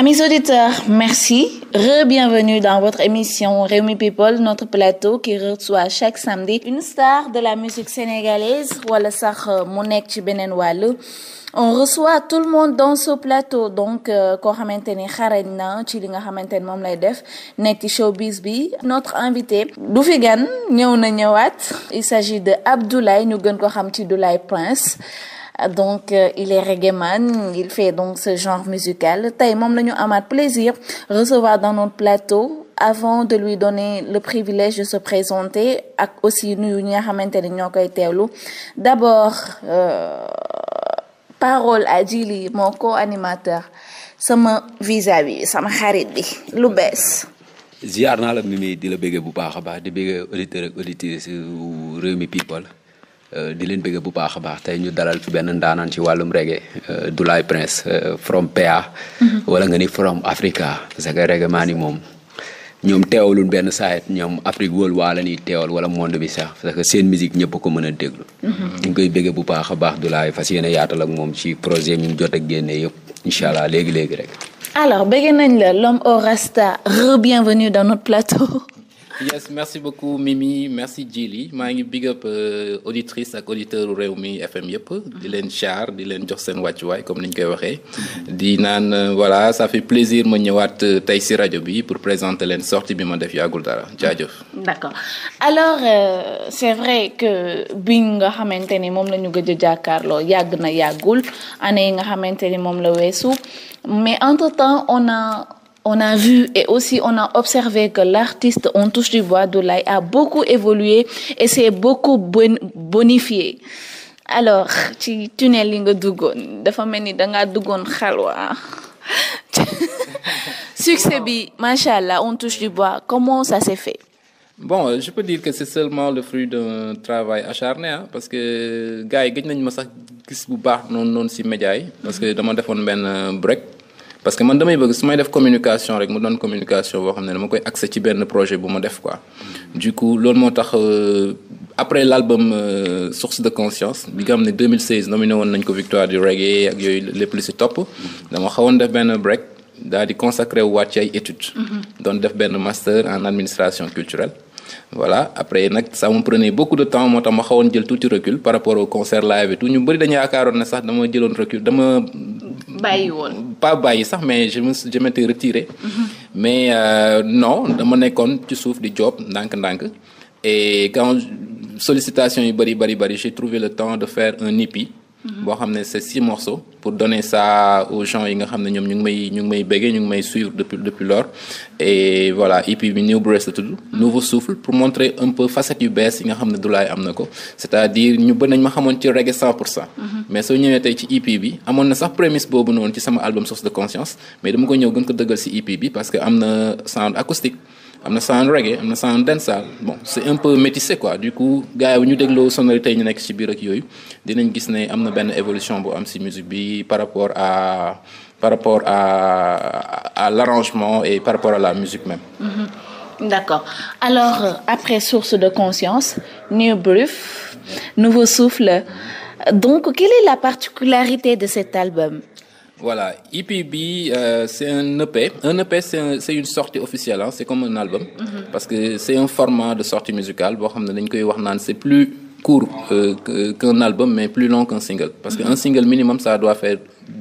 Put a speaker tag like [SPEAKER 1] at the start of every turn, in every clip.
[SPEAKER 1] Amis auditeurs, merci. Re-bienvenue dans votre émission Réumi People, notre plateau qui reçoit chaque samedi une star de la musique sénégalaise wala sax euh, mu nekk ci beneen wàll. on reçoit tout le monde dans ce plateau donc euh, koo xamante ni xarañ na ci li nga xamante ni moom lay def nekk ci showbiz bi notre invité du fi gan ñëw na ñëwaat il s'agit de Abdoulaye ñu gën ko xam ci Doolay Prince. donc euh, il est reggae il fait donc ce genre musical tey moom la ñu amaat plaisir recevoir dans notre plateau avant de lui donner le privilège de se présenter ak aussi nuyu ñi nga xamante ne ñoo koy teewlu d'abord euh, parole à Djily mon co-animateur sama vis-à-vis sama xarit bi lu bees.
[SPEAKER 2] ziar naa la mimi di la bëggee bu baax a baax di bëggee auditeur ak auditrice Rewmi People. Euh, di leen bëgg bu baax a baax tey ñu dalal fi benn ndaanaan ci wàllum reggae euh, Doolay Prince euh, from PA. Mhm. wala nga ni from Africa parce que reggae maa ni moom ñoom teewalul benn saayet ñoom Afrique wóol waa la ñuy teewal wala monde bi sax parce que seen musique ñëpp ko mën a déglu. Mhm. ñu koy bëgg bu baax a baax Doolay fas yéene yaatal ak moom ci projet yi ñu jot a génne yëpp incha allah léegi léegi rek.
[SPEAKER 1] alors bëgg nañ la l'homme au rasta dans notre plateau.
[SPEAKER 3] yes merci beaucoup Mimi merci Djily maa ngi big up euh, auditrice ak auditeur réew mi FM yëpp. di leen char di leen jox seen wàccuwaay comme ni koy waxee. di naan euh, voilà ça fait plaisir ma ñëwaat euh, tey si rajo bi pour présenter leen sorti bi ma def yàggul dara jaajëf.
[SPEAKER 1] d'accord alors euh, c'est vrai que bi nga xamante ni moom la ñu gëj a jàkkaarloo yàgg na yàggul année yi nga xamante ni moom la weesu mais entre temps on a. on a vu et aussi on a observé que l'artiste On touche du bois Doolay a beaucoup évolué et s'est beaucoup bonifié alors ci tunnel yi nga duggoon dafa mel ni dangaa duggoon xalwa succès bi macha allah On touche du bois comment ça s'est fait bon
[SPEAKER 3] euh, je peux dire que c'est seulement le fruit d'un travail acharné ah parce que gars yi gëj nañu ma sax gis bu baax noonu noonu ci média yi parce que dama defoon benn break parce que man damay bëgg su may def communication rek mu doon communication boo xam ne dama koy accès ci benn projet bu ma def quoi. loolu moo tax euh, après l' album euh, source de conscience bi nga xam ne 2016 nominé woon nañ ko victoire du reggae ak yooyu lépp lu si topp dama xawoon def benn break daal di consacré wu waat ci ay études. Mm-hmm. doon def benn master en administration culturelle. voilà après nag ça me prenait beaucoup de temps moo tax ma xawoon jël tuuti recul par rapport au concert live et tout ñu bëri dañu yaakaaroon ne sax dama jëloon recul dama. bàyyi woon pas bàyyi sax mais je me je mhm. mais euh, dama nekkoon ci suuf di job ndànk-ndànk et quand sollicitation yu bëri bëri bari j'ai trouvé le temps de fair un épi. boo xam ne c'est six pour donner ça aux gens yi nga xam ne ñoom ñu ngi may ñu ngi may béggee ñu ngi may suivre depuis depuis lors et voilà EP bi New Breath la nouveau souffle pour montrer un peu facette yu bees yi nga xam ne Doolay am na ko c'est-à-dire ñu bëri nañ ma xamoon ci reggae 100 pour cent mm-hmm. mais soo ñëwee tey ci EP bi amoon na sax prémisse boobu noonu ci sama album source de conscience mais dama ko ñëw gën ko dëggal si EP bi parce que am na sound am na sound reggae am ñu dégloo sonorité yi ñu nekk ci biir gis ne am na benn évolution bu am ci musique bi par rapport à par rapport à à l'arrangement et par rapport à la musique même.
[SPEAKER 1] Mm-hmm. d'accord alors euh, après source de conscience new breath nouveau souffle donc quelle est la particularité de cet album.
[SPEAKER 3] Voilà, EP bi euh, c'est un EP. Un EP c'est un, c'est une sortie officielle c'est comme un album mm-hmm. parce que c'est un format de sortie musicale boo xam ne dañ koy wax naan c'est plus court euh, qu'un album mais plus long qu'un single parce que mhm. un single minimum ça doit faire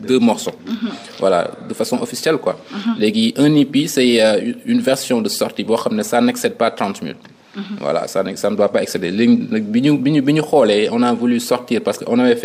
[SPEAKER 3] deux morceaux. Mm-hmm. Voilà, de façon officielle quoi. Mhm. Léegi un EP c'est euh, une version de sortie boo xam ne ça n'excède pas 30 minutes. Mhm. Voilà, ça ne ça doit pas excéder. bi ñu bi xoolee on a voulu sortir parce que on avait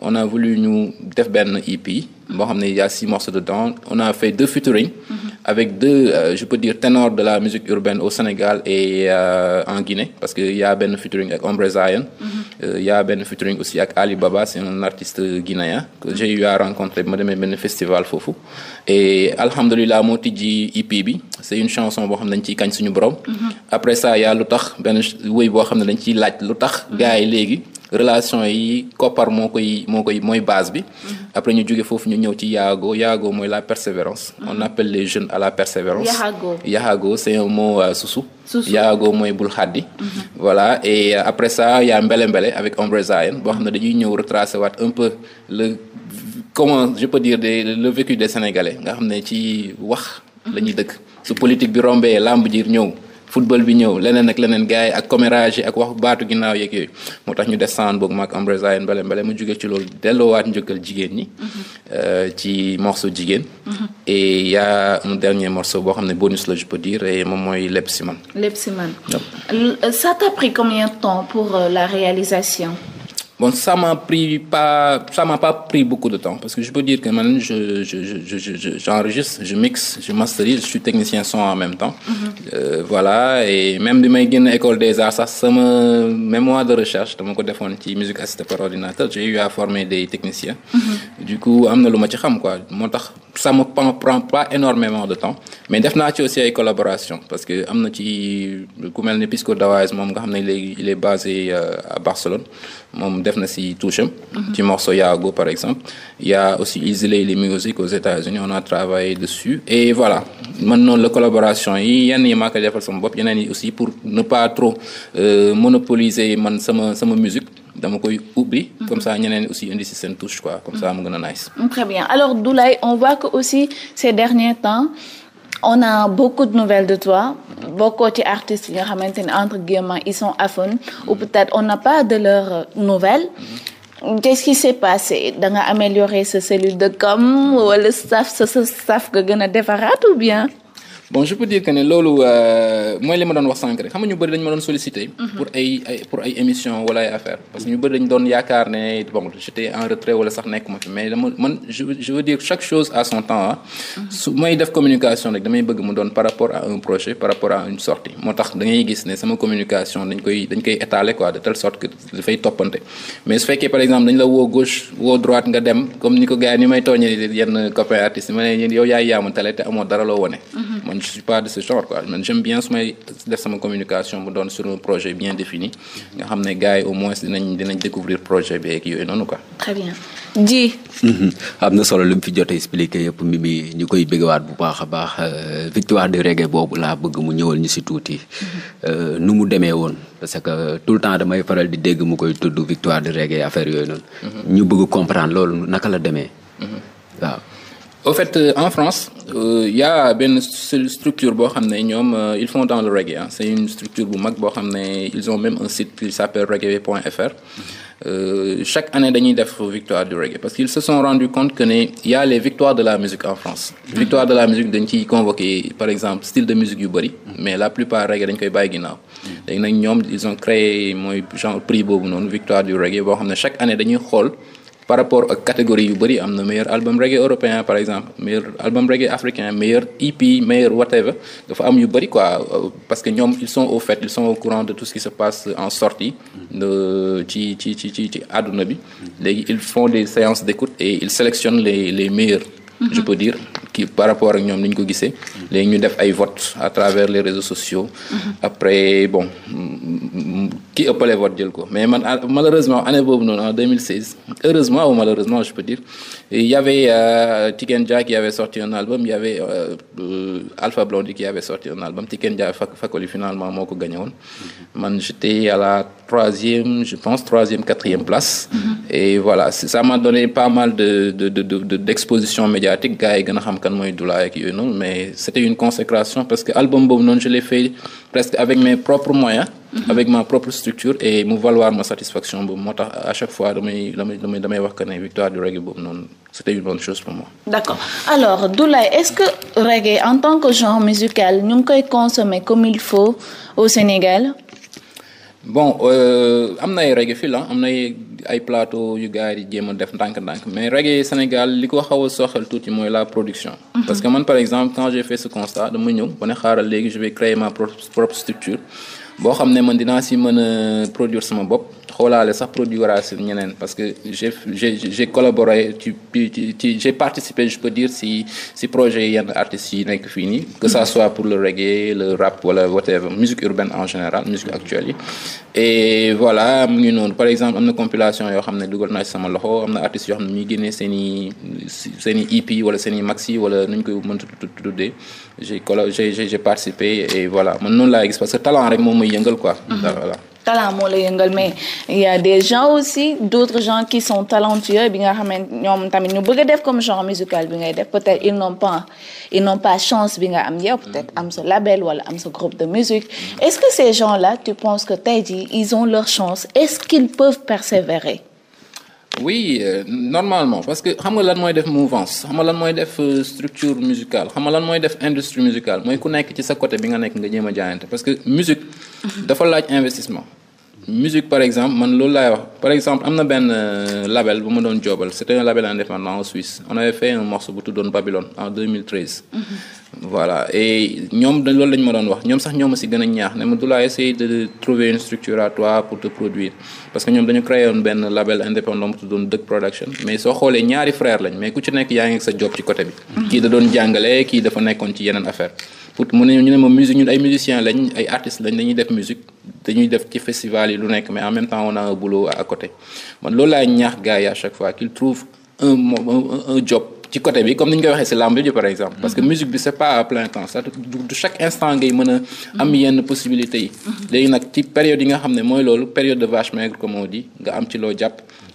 [SPEAKER 3] on a voulu ñu def benn EP boo xam ne y a six morceaux dedans on a fait deux featuring mm-hmm. avec deux euh, je peux dire ténors de la musique urbaine au Sénégal et euh, en Guinée parce que y benn featuring ak Ombre Zion mm-hmm. euh, y benn featuring aussi ak Ali Baba c'est un artiste guinéen que j'ai eu à rencontrer bi ma demee benn festival foofu et alhamdulilah moo tijji EP bi c'est une chanson boo xam ne dañ ci kañ suñu borom mm-hmm. après ça y a lu tax benn wéy boo xam ne dañ ciy laaj lu tax gars yi léegi relation yi koppar moo koy moo koy mooy base bi. Mm-hmm. après ñu jóge foofu ñu ñëw ci yaago yaago mooy la persévérance. Mm-hmm. on appelle les jeunes à la persévérance. yaago yaago c'est un mot euh, susu. yaago mooy bul xaddi. Mm-hmm. voilà et euh, après ça y a mbele mbele avec ombre zayen boo xam ne dañuy ñëw retracer waat un peu le comment je peux dire des le vécu des sénégalais nga xam ne ci wax. la ñuy dëkk su politique bi rombee làmb ji ñëw. football bi ñëw leneen ak leneen gars yi ak commérage yi ak wax baatu ginnaaw yeeg yooyu moo tax ñu def saan boog maak Ambreza yéen mbale mbale mu jógee ci loolu delloowaat njëkkal jigéen ñi euh, ci morceau jigéen et y a un dernier morceau boo xam ne bonus la je peux dire moom mooy lépp si man
[SPEAKER 1] lépp si man ça t'a pris combien de temps pour euh, la réalisation Bon, ça
[SPEAKER 3] m'a pris pas, ça m'a pris beaucoup de temps parce que je peux dire que maintenant je, j'enregistre, je, je, je, je mixe, je masterise, je technicien son en même temps. Mm -hmm. euh, voilà et même de may génn école des arts sax sama mémoire de recherche dama ko defoon ci musique assistée par ordinateur j'ai eu à former des techniciens. Mm-hmm. du coup am na lu ma ci xam quoi moo tax ça me prend, prend pas énormément de temps mais def naa ci aussi ay collaboration parce que am na ci ku mel ne Pisco Dawes moom nga xam ne léegi il est basé euh, à moom def na si touche ci morceau Yaago par exemple il aussi Easy Laylee Music aux on a travaillé dessus et voilà man noonu la collaboration yi yenn yi maa koy defal sama bopp yeneen yi aussi pour ne pas trop euh, monopoliser man sama sama musique dama koy ubbi. Mhm. comme ça ñeneen aussi indi si seen touche quoi comme ça mu gën a nice.
[SPEAKER 1] Mm. très bien alors Doolay on voit que aussi ces derniers temps. on a beaucoup de nouvelles de toi bokkoo ci artistes yi nga xamante ne entre guillemets ils sont aphones ou mm-hmm. peut-être on n'a pas de leur nouvelles mm-hmm. qu'est-ce qui s'est passé da nga améliorer sa cellule de com wala staff sa sa gën a defaraat ou bien
[SPEAKER 3] bon je peux dire que ne loolu euh, mooy li ma doon wax sànq rek xam nga ñu bëri dañu ma doon sollicité. Mhm. pour ay ay pour émission wala ay affaire parce que ñu bëri dañu doon yaakaar ne bon j'étais en retrait wala sax nekk ma fi mais dama man je veux dire chaque chose à son temps ah. su may def communication damay bëgg mu doon par rapport à un projet par rapport à une sortie moo tax da gis ne sama communication dañ koy dañ koy étaler quoi de telle sorte que dafay toppante mais su fekkee par exemple dañ woo gauche woo droite nga ni ko gars yi ni may tooñee yenn copains artistes yi ma ne man je suis pas de ce genre quoi man j'aime bien su may def sama communication mu doon sur un projet bien défini nga xam ne gars yi au moins
[SPEAKER 2] mhm. am na solo li mu fi jot a expliqué yëpp mi mi ñu koy bëggewaat bu baax baax euh, victoire de reggae boobu laa bëgg mu ñëwal ñu si tuuti mhm. euh, nu mu demee woon parce que tout le temps damay faral di dégg mu koy tudd victoire de reggae affaire yooyu mhm. ñu bëgg comprendre loolu naka la demee waaw. au fait euh, en
[SPEAKER 3] France euh, y benn structure boo xam ne ñoom euh, ils font dans le reggae c'est une structure bu mag boo xam ne ils ont même un site qui s'appelle reggae.fr euh, chaque année dañuy def victoire du reggae parce qu'ils se sont rendus compte que ne y a les victoires de la musique en France victoire de la musique dañ ciy convoqué par exemple style de musique yu bëri mais la plupart reggae dañ koy bàyyi ginnaaw léegi nag ñoom ils ont créé mooy genre boo xam ne chaque année dañuy xool par rapport ak catégorie yu bëri am na meilleur album reggae européen par exemple meilleur album reggae africain meilleur EP meilleur whatever dafa am yu bëri parce que ñoom ils sont au fait ils sont au courant de tout ce qui se passe en sortie ci ci ci ci ci àdduna bi mm-hmm. léegi ils font des séances d'écoute et ils sélectionnent les les meilleurs je mm-hmm. peux dire kii par rapport ak ñoom ni ko gisee. Mm-hmm. léegi ñu def ay vote à travers les réseaux sociaux. Mm-hmm. après bon ki ëppale vote jël ko mais man ah, malheureusement année boobu noonu en 2016 heureusement ou malheureusement je peux dire y avait euh, Tiken Jah qui avait sorti un album il y avait euh, Alpha Blondy qui avait sorti un album Tiken Jah Fakoli finalement moo ko gagné woon mm-hmm. man j'étais à la troisième je pense troisième quatrième place. et voilà ça m'a donné pas mal de de de d'exposition médiatique gars yi gën a xam. xam kan mooy Doula ak yooyu noonu mais c'était une consécration parce que album boobu noonu je l'ai fait presque avec mes propres moyens. Mhm. avec ma propre structure et mu valoir ma satisfaction boobu moo à chaque fois damay damay du reggae
[SPEAKER 1] est-ce que reggae en tant que genre musical ñu ngi koy comme il faut au Sénégal.
[SPEAKER 3] Euh, am na ay reggae fii ay plateau yu gars yi jéem a def ndànk-ndànk mais reggae Sénégal li ko xaw a soxal tuuti mooy la production. Mhm. parce que man par exemple quand j'ai fait ce constat dama ñëw ba ne xaaral léegi je vais créer ma propre structure boo xam ne man dinaa si mën a produir sama bopp. xoolaale sax produit Warasil ñeneen parce que j'ai j'ai j'ai collaboré ci ci j'ai participé je peux dire si si projet yenn artistes yi nekk fii nii que ça soit pour le reggae le rap wala whatever musique urbaine en général musique actuelle yi et voilà mu ngi noonu par exemple am na compilation yoo xam ne dugal naa ci sama loxo am na artistes yoo xam ne ñuy génnee seen i seen i EP wala seen i maxi wala nu ñu koy mën a tuddee j'ai j'ai participé et voilà man noonu laa gis parce que talent rek moom mooy yëngal quoi mm-hmm. voilà
[SPEAKER 1] talent la yëngal mais il y a des gens aussi d'autres gens qui bi nga xamante ñoom tamit ñu bëgg a def comme genre musical bi ngay def peut-être ils n'ont pas chance bi nga am yow peut-être am sa label wala am sa groupe de musique est-ce que ces gens-là tu penses que tey jii ils ont leur chance est-ce qu'ils peuvent persévérer
[SPEAKER 3] oui euh, normalement parce que xam nga lan mooy def mouvance xam nga lan mooy def euh, structure musicale xam nga lan mooy def industrie musicale mooy ku nekk ci côté bi nga nekk nga jéem a parce que musique dafa laaj investissement. musique par exemple man loolu laay wax par exemple am na benn euh, label bu ma doon joobal c'était label indépendant en Suisse on avait fait un morceau bu tuddoon Babylone en 2013. Mm -hmm. voilà et ñoom dañ loolu lañ ma doon wax ñoom sax ñoom ma si gën a ñaax ne ma du laa essayer de trouver une structure à pour te produire parce que ñoom dañu créé woon benn label indépendant bu tuddoon Dëkk Production mais soo xoolee ñaari frère lañ mais ku ci nekk yaa ngi sa job ci côté bi. Mhm. kii da doon jàngale kii dafa nekkoon ci yeneen affaire pour mu ne ñu ne ma musique ñun ay musiciens lañ ay artistes lañ dañuy def musique dañuy def ci festival yi lu nekk mais en même a un boulot à côté man loolu laay ñaax gars yi fois qu'ils trouvent un un ci côté bi comme ni ñu koy waxee si lamb ji par exemple. parce que mm-hmm. musique bi c' pas à plein temps du chaque instant ngay mën a. am mm-hmm. yenn possibilités yi. Mm-hmm. léegi nag ci période yi nga xam ne mooy loolu période de vache maigre comme on di nga am ci loo jàpp.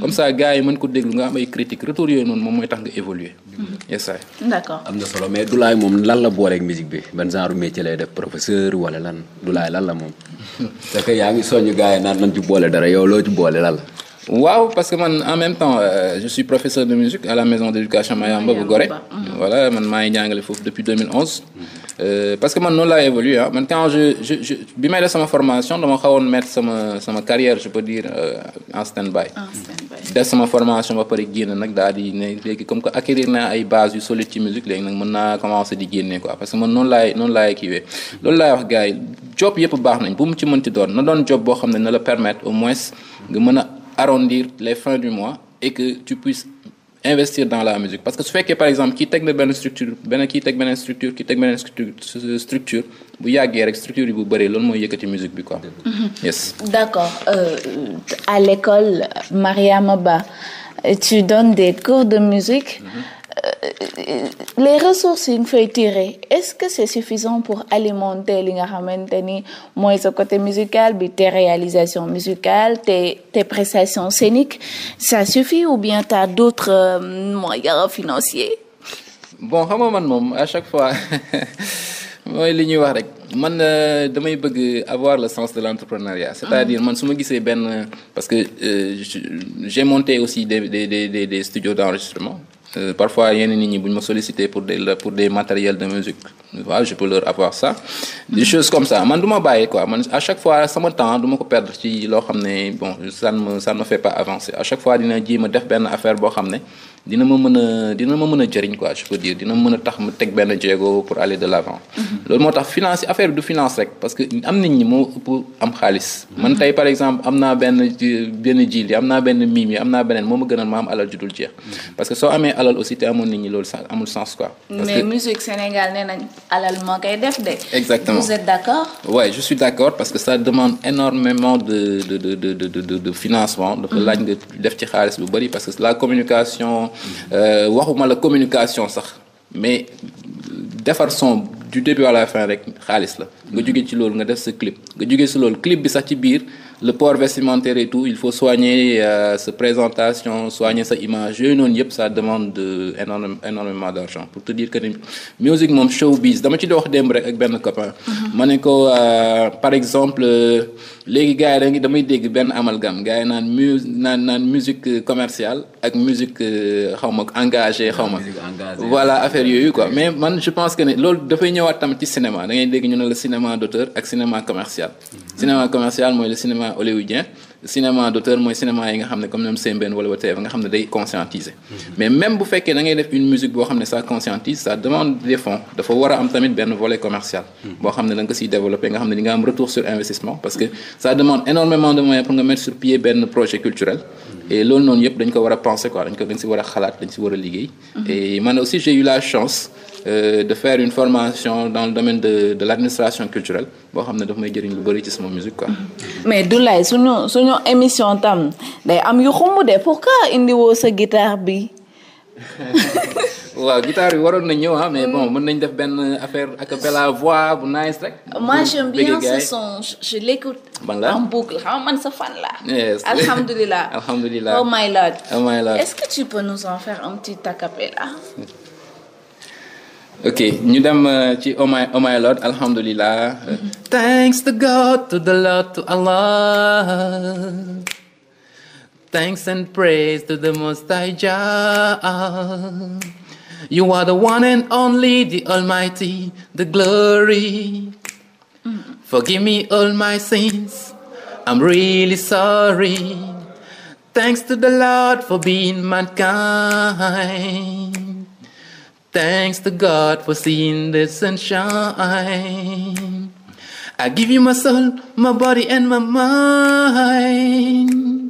[SPEAKER 1] comme
[SPEAKER 2] ça gars yi mën ko déglu nga am ay critique retour yooyu noonu moom mooy tax nga évoluer mhm. am na solo mais Doolay moom lan la booleeg musique bi ban genre métier lay def professeur wala lan Doolay lan la moom sa que yaa ngi soññu gars yi naan nan ci boole dara yow loo ci boole lan
[SPEAKER 3] waaw parce que man en même temps euh, je suis professeur de musique à la maison d'éducation Mayamba bu Gorée. voilà man maa ngi jàngale foofu depuis 2011. Mm-hmm. Euh, parce que man noonu laa évolué ah. man quand je je je bi may def sama formation dama xawoon mettre sama sama carrière je peux dire euh, en stand-by. en stand mm-hmm. def sama formation ba pare génn nag daal di ne léegi comme que acquérir naa ay bases yu solides ci musique léegi nag mën naa commencer di génne quoi parce que man noonu laay noonu laay kiiwee. loolu laay wax gars yi job yëpp baax doon na doon job boo xam ne na la permettre au moins nga mën a. arrondir les fins du mois et que tu puisses investir dans la musique parce que su fekkee par exemple kii teg na benn structure benn kii teg beneen structure kii teg beneen structure structure bu yàggee rek structure yi bu bëree loolu mooy yëkkati musique bi quoi. Mhm. yes
[SPEAKER 1] d'accord euh, à l'école Mariama Ba tu donnes des cours de musique. Mm-hmm. les ressources yi nga fay est-ce que c'est suffisant pour alimenter li nga xamante ni mooy sa côté musical bi tes réalisations musicales tes tes prestations scéniques ça suffit ou bien t'as d'autres euh, moyens financiers
[SPEAKER 3] bon xam nga man moom à chaque fois mooy li ñuy wax rek man euh, damay bëgg avoir le sens de l'entrepreneuriat c'est-à-dire mm-hmm. man su ma gisee benn parce que euh, j'ai monté aussi des des des des studios d'enregistrement Euh, parfois yenn nit ñi bu ma sollicité pour des pour des matériels de musique waaw je peux leur avoir ça des choses comme ça man duma ma bàyyi quoi man à chaque fois sama temps duma ko perdre ci loo xam ne bon ça ne me ça fait pas avancer à chaque fois dina jéem ma def benn affaire boo xam ne dina ma mën a dina ma mën a jëriñ ko je peux dire dina ma mën a tax ma teg benn jéego pour aller de l' mhm. loolu moo tax finance affaire bi du finance rek parce que am xaalis. Mhm. man tey par exemple am naa benn benn jiil yi naa benn miim yi am naa beneen moo ma gënal ma am alal ju dul jeex. Mhm. parce que soo amee alal aussi te amoon nit ñi loolu sax amul sens quoi.
[SPEAKER 1] musique Sénégal nee nañ alal moo koy def de. exactement vous êtes d' accord.
[SPEAKER 3] ouais je parce que ça demande énormément de de de de dafa laaj nga def ci xaalis bu bëri parce que la communication. Euh, waxuma la communication sax mais defar son du début à la fin rek xaalis la nga mm-hmm. jógee ci loolu nga def sa clip nga jógee si loolu clip bi sax ci biir le port vestimentaire et tout il faut soigner euh, sa présentation soigner sa image yooyu noonu yëpp sa demande énorme énormément d' argent pour te dire que ni musique moom showbiz dama ci doon wax démb rek ak benn copain mm-hmm. ma ne ko euh, par exemple euh, léegi gars yi damay dégg benn amalgame gars naan mu naan naan musique commercial ak musique xaw ma engagée xaw ma voilà affaire ñëwaat tamit ci cinéma da dégg ñu ne la cinéma d'auteur ak cinéma commercial. cinéma commercial mooy le cinéma hollywoodien cinéma d'auteur mooy cinéma yi nga xam ne comme ñoom Sembène wala whatever nga xam ne day conscientiser. Mm-hmm. mais même bu fekkee da def une musique boo xam ne ça conscientise ça demande des fonds dafa war a am tamit benn volet commercial. Mm-hmm. boo xam ne da nga ko nga xam ne di am retour sur investissement parce que ça et loolu noonu yëpp dañ ko war a penser quoi dañ ko dañ si war a xalaat dañ si war a liggéey. Mhm. et man aussi j'ai eu la chance euh, de faire une formation dans le domaine de de l'administration culturelle boo xam ne daf may jëriñ lu bëri ci sama musique quoi. Mhm.
[SPEAKER 1] mais Doolay suñu suñu émission tam day am yu xumb de pourquoi indiwoo sa guitare bi.
[SPEAKER 3] waaw guitare yi waroon na ñëw ah bon mën nañ def benn affaire ak acapella voix bu nice rek. moi j'aime bien ce son je l'écoute en
[SPEAKER 1] boucle xam man sa fan la.
[SPEAKER 3] alhamdulilah alhamdulilah oh oh my lord. est-ce
[SPEAKER 1] que tu peux nous en faire un petit acapella.
[SPEAKER 3] ok ñu dem euh, ci oh my oh lord alhamdulilah. Mm-hmm.
[SPEAKER 1] thanks
[SPEAKER 4] to God to the Lord to Allah. Thanks and praise to the Most High Jah. You are the one and only, the Almighty, the glory. Forgive me all my sins. I'm really sorry. Thanks to the Lord for being mankind. Thanks to God for seeing the sunshine. I give you my soul, my body, and my mind.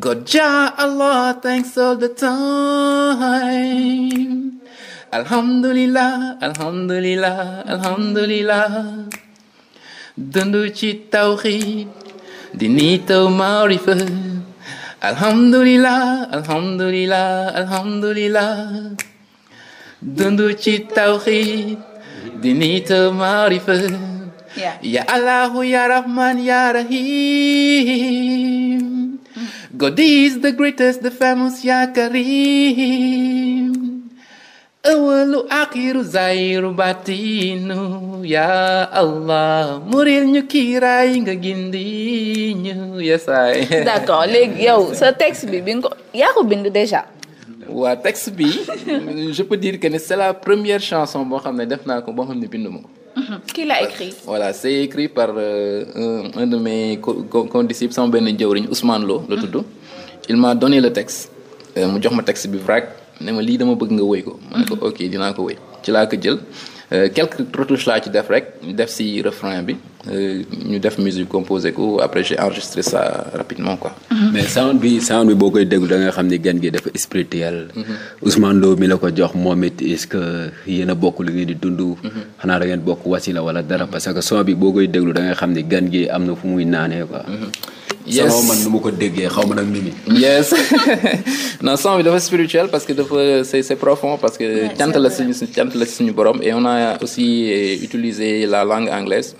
[SPEAKER 4] God Jah Allah, thanks all the time. Alhamdulillah, alhamdulillah, alhamdulillah. Dundu ci tawhid, di nitaw Alhamdulillah, alhamdulillah, alhamdulillah. Dundu ci tawhid, di nitaw Ya Allah, Ya Rahman, Ya Rahim. God is the greatest, the famous Ya Karim. awalu akiru zayiru batinu ya Allah muril ñu kiiraay nga gindi ñu
[SPEAKER 3] yesaay. d'accord léegi yow sa
[SPEAKER 4] texte
[SPEAKER 1] bi bi nga ko yaa ko bind déjà.
[SPEAKER 3] waa texte bi je peux dire que ne c'est la première chanson boo xam ne def naa ko boo xam ne bindu ma
[SPEAKER 1] Mhm. qui l'a écrit
[SPEAKER 3] voilà c' écrit par euh, un un de mes condisciples sama benn jëwriñ Ousmane Lo la tudd mhm. il m'a donné le texte euh, mu jox ma texte bi vrac ne ma lii dama bëgg nga woy ko ma ne ko mhm. ok dinaa ko woy ci laa ko jël Euh, quelques retouches laa ci def rek def si refrain bi euh,
[SPEAKER 2] ñu def musique composé ko après j'ai enregistré ça rapidement quoi. Mm-hmm. mais sound bi sound bi boo koy déglu da nga xam ni gan gi dafa spirituel. Mm-hmm. Ousmane Lo mi la ko jox moom it est-ce que yéen a bokk lu ngeen di dund. Mm-hmm. xanaa da ngeen bokk wasila wala dara parce que son bi boo koy déglu da nga xam ni gan gi am na fu muy naanee ko yes xaw ma nu ma ko déggee xaw ma nag mimi. yes
[SPEAKER 3] non son bi dafa spirituel parce que dafa c'est c'est profond parce que cant la suñu cant la suñu borom et aussi eh, utilisé la langue anglaise.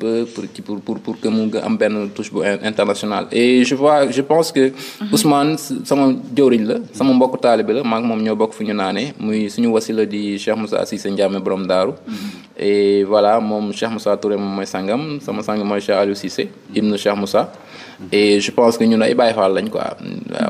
[SPEAKER 3] pour pour pour pour que mu am benn touche bu internationale et je vois je pense que mhm. Ousmane sama jëwriñ la sama mbokk taalibe la maak moom ñoo bokk fu ñu naanee muy suñu wasila di Cheikh Moussa Cissé Ndiame borom daaru mhm. et moom Cheikh Moussa Touré moom mooy sangam sama sang mooy Cheikh Aliou Cissé ibnu Cheikh e je pense que ñun ay Baye Fall lañ quoi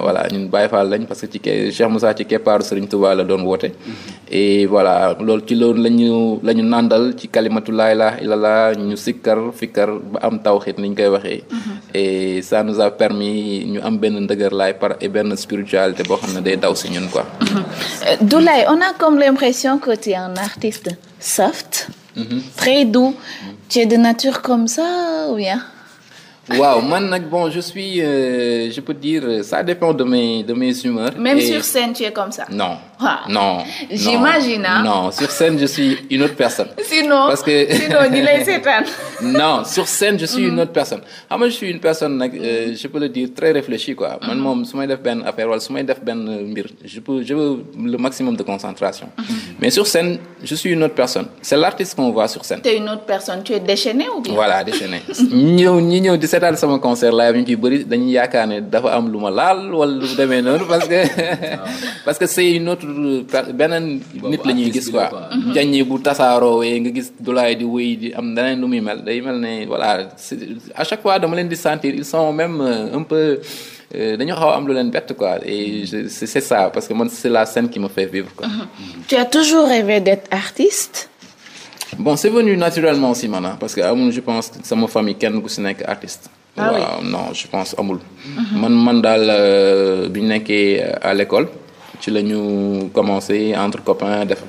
[SPEAKER 3] voilà ñun Baye Fall lañ parce que ci ke Cheikh Moussa ci keppaaru Serigne Touba la doon woote mm-hmm. et voilà loolu ci lool lañu la nàndal ci kalimatu laa ilaaha illallah ñu sikkar fikkar ba am tawxiit ni ñu koy waxee mm-hmm. et ça nous permis ñu am benn ndëgër laay par et benn spiritualité boo xam ne day daw si ñun quoi
[SPEAKER 1] mm-hmm. Doulaye on a comme l'impression que tu es un soft mm doux mm -hmm. de nature comme ça ou bien
[SPEAKER 3] waaw man nag bon je suis euh, je peux dire euh, ça dépend de mes de mes humeurs. même et... sur scène tu es comme ça. non waaw non j'imagine ah. non sur scène je suis une autre personne.
[SPEAKER 1] sinon parce que sinon ñi lay seetaan.
[SPEAKER 3] non sur scène je suis une mm. autre personne. xam ah, je suis une personne nag euh, je peux le dire très réfléchie quoi. Mm-hmm. man moom su may def benn affaire su may def benn mbir je peux je veux le maximum de concentration. Mm-hmm. Mm-hmm. mais sur scène je suis une autre personne. c'est l'artiste qu'on voit sur scène.
[SPEAKER 1] t'es une autre personne tu es déchaîné ou voilà déchaîné
[SPEAKER 3] ñëw ñi ñëw di seetaan sama concert laa ñu ciy bëri dañuy yaakaar ne dafa am lu ma laal wala lu autre beneen nit la ñuy gis quoi mm-hmm. jaññi bu tasaaroo tasaaroowee nga gis dulaay di wéy di am daneen lu muy mel day mel ne voilà à chaque fois dama leen di sentir ils sont même euh, un peu euh, dañu xaw am lu leen bett quoi et mm-hmm. c'est ça parce que man c'est la scène qui me fait vivre quoi.
[SPEAKER 1] Mm-hmm. tu as toujours rêvé d'être artiste.
[SPEAKER 3] bon c'est venu naturellement aussi maanaam parce que amul je pense sama famille kenn ku si nekk artiste. Ah waaw non je pense amul. man man daal euh, bi ñu nekkee à l'école ci la ñu commencé entre copains def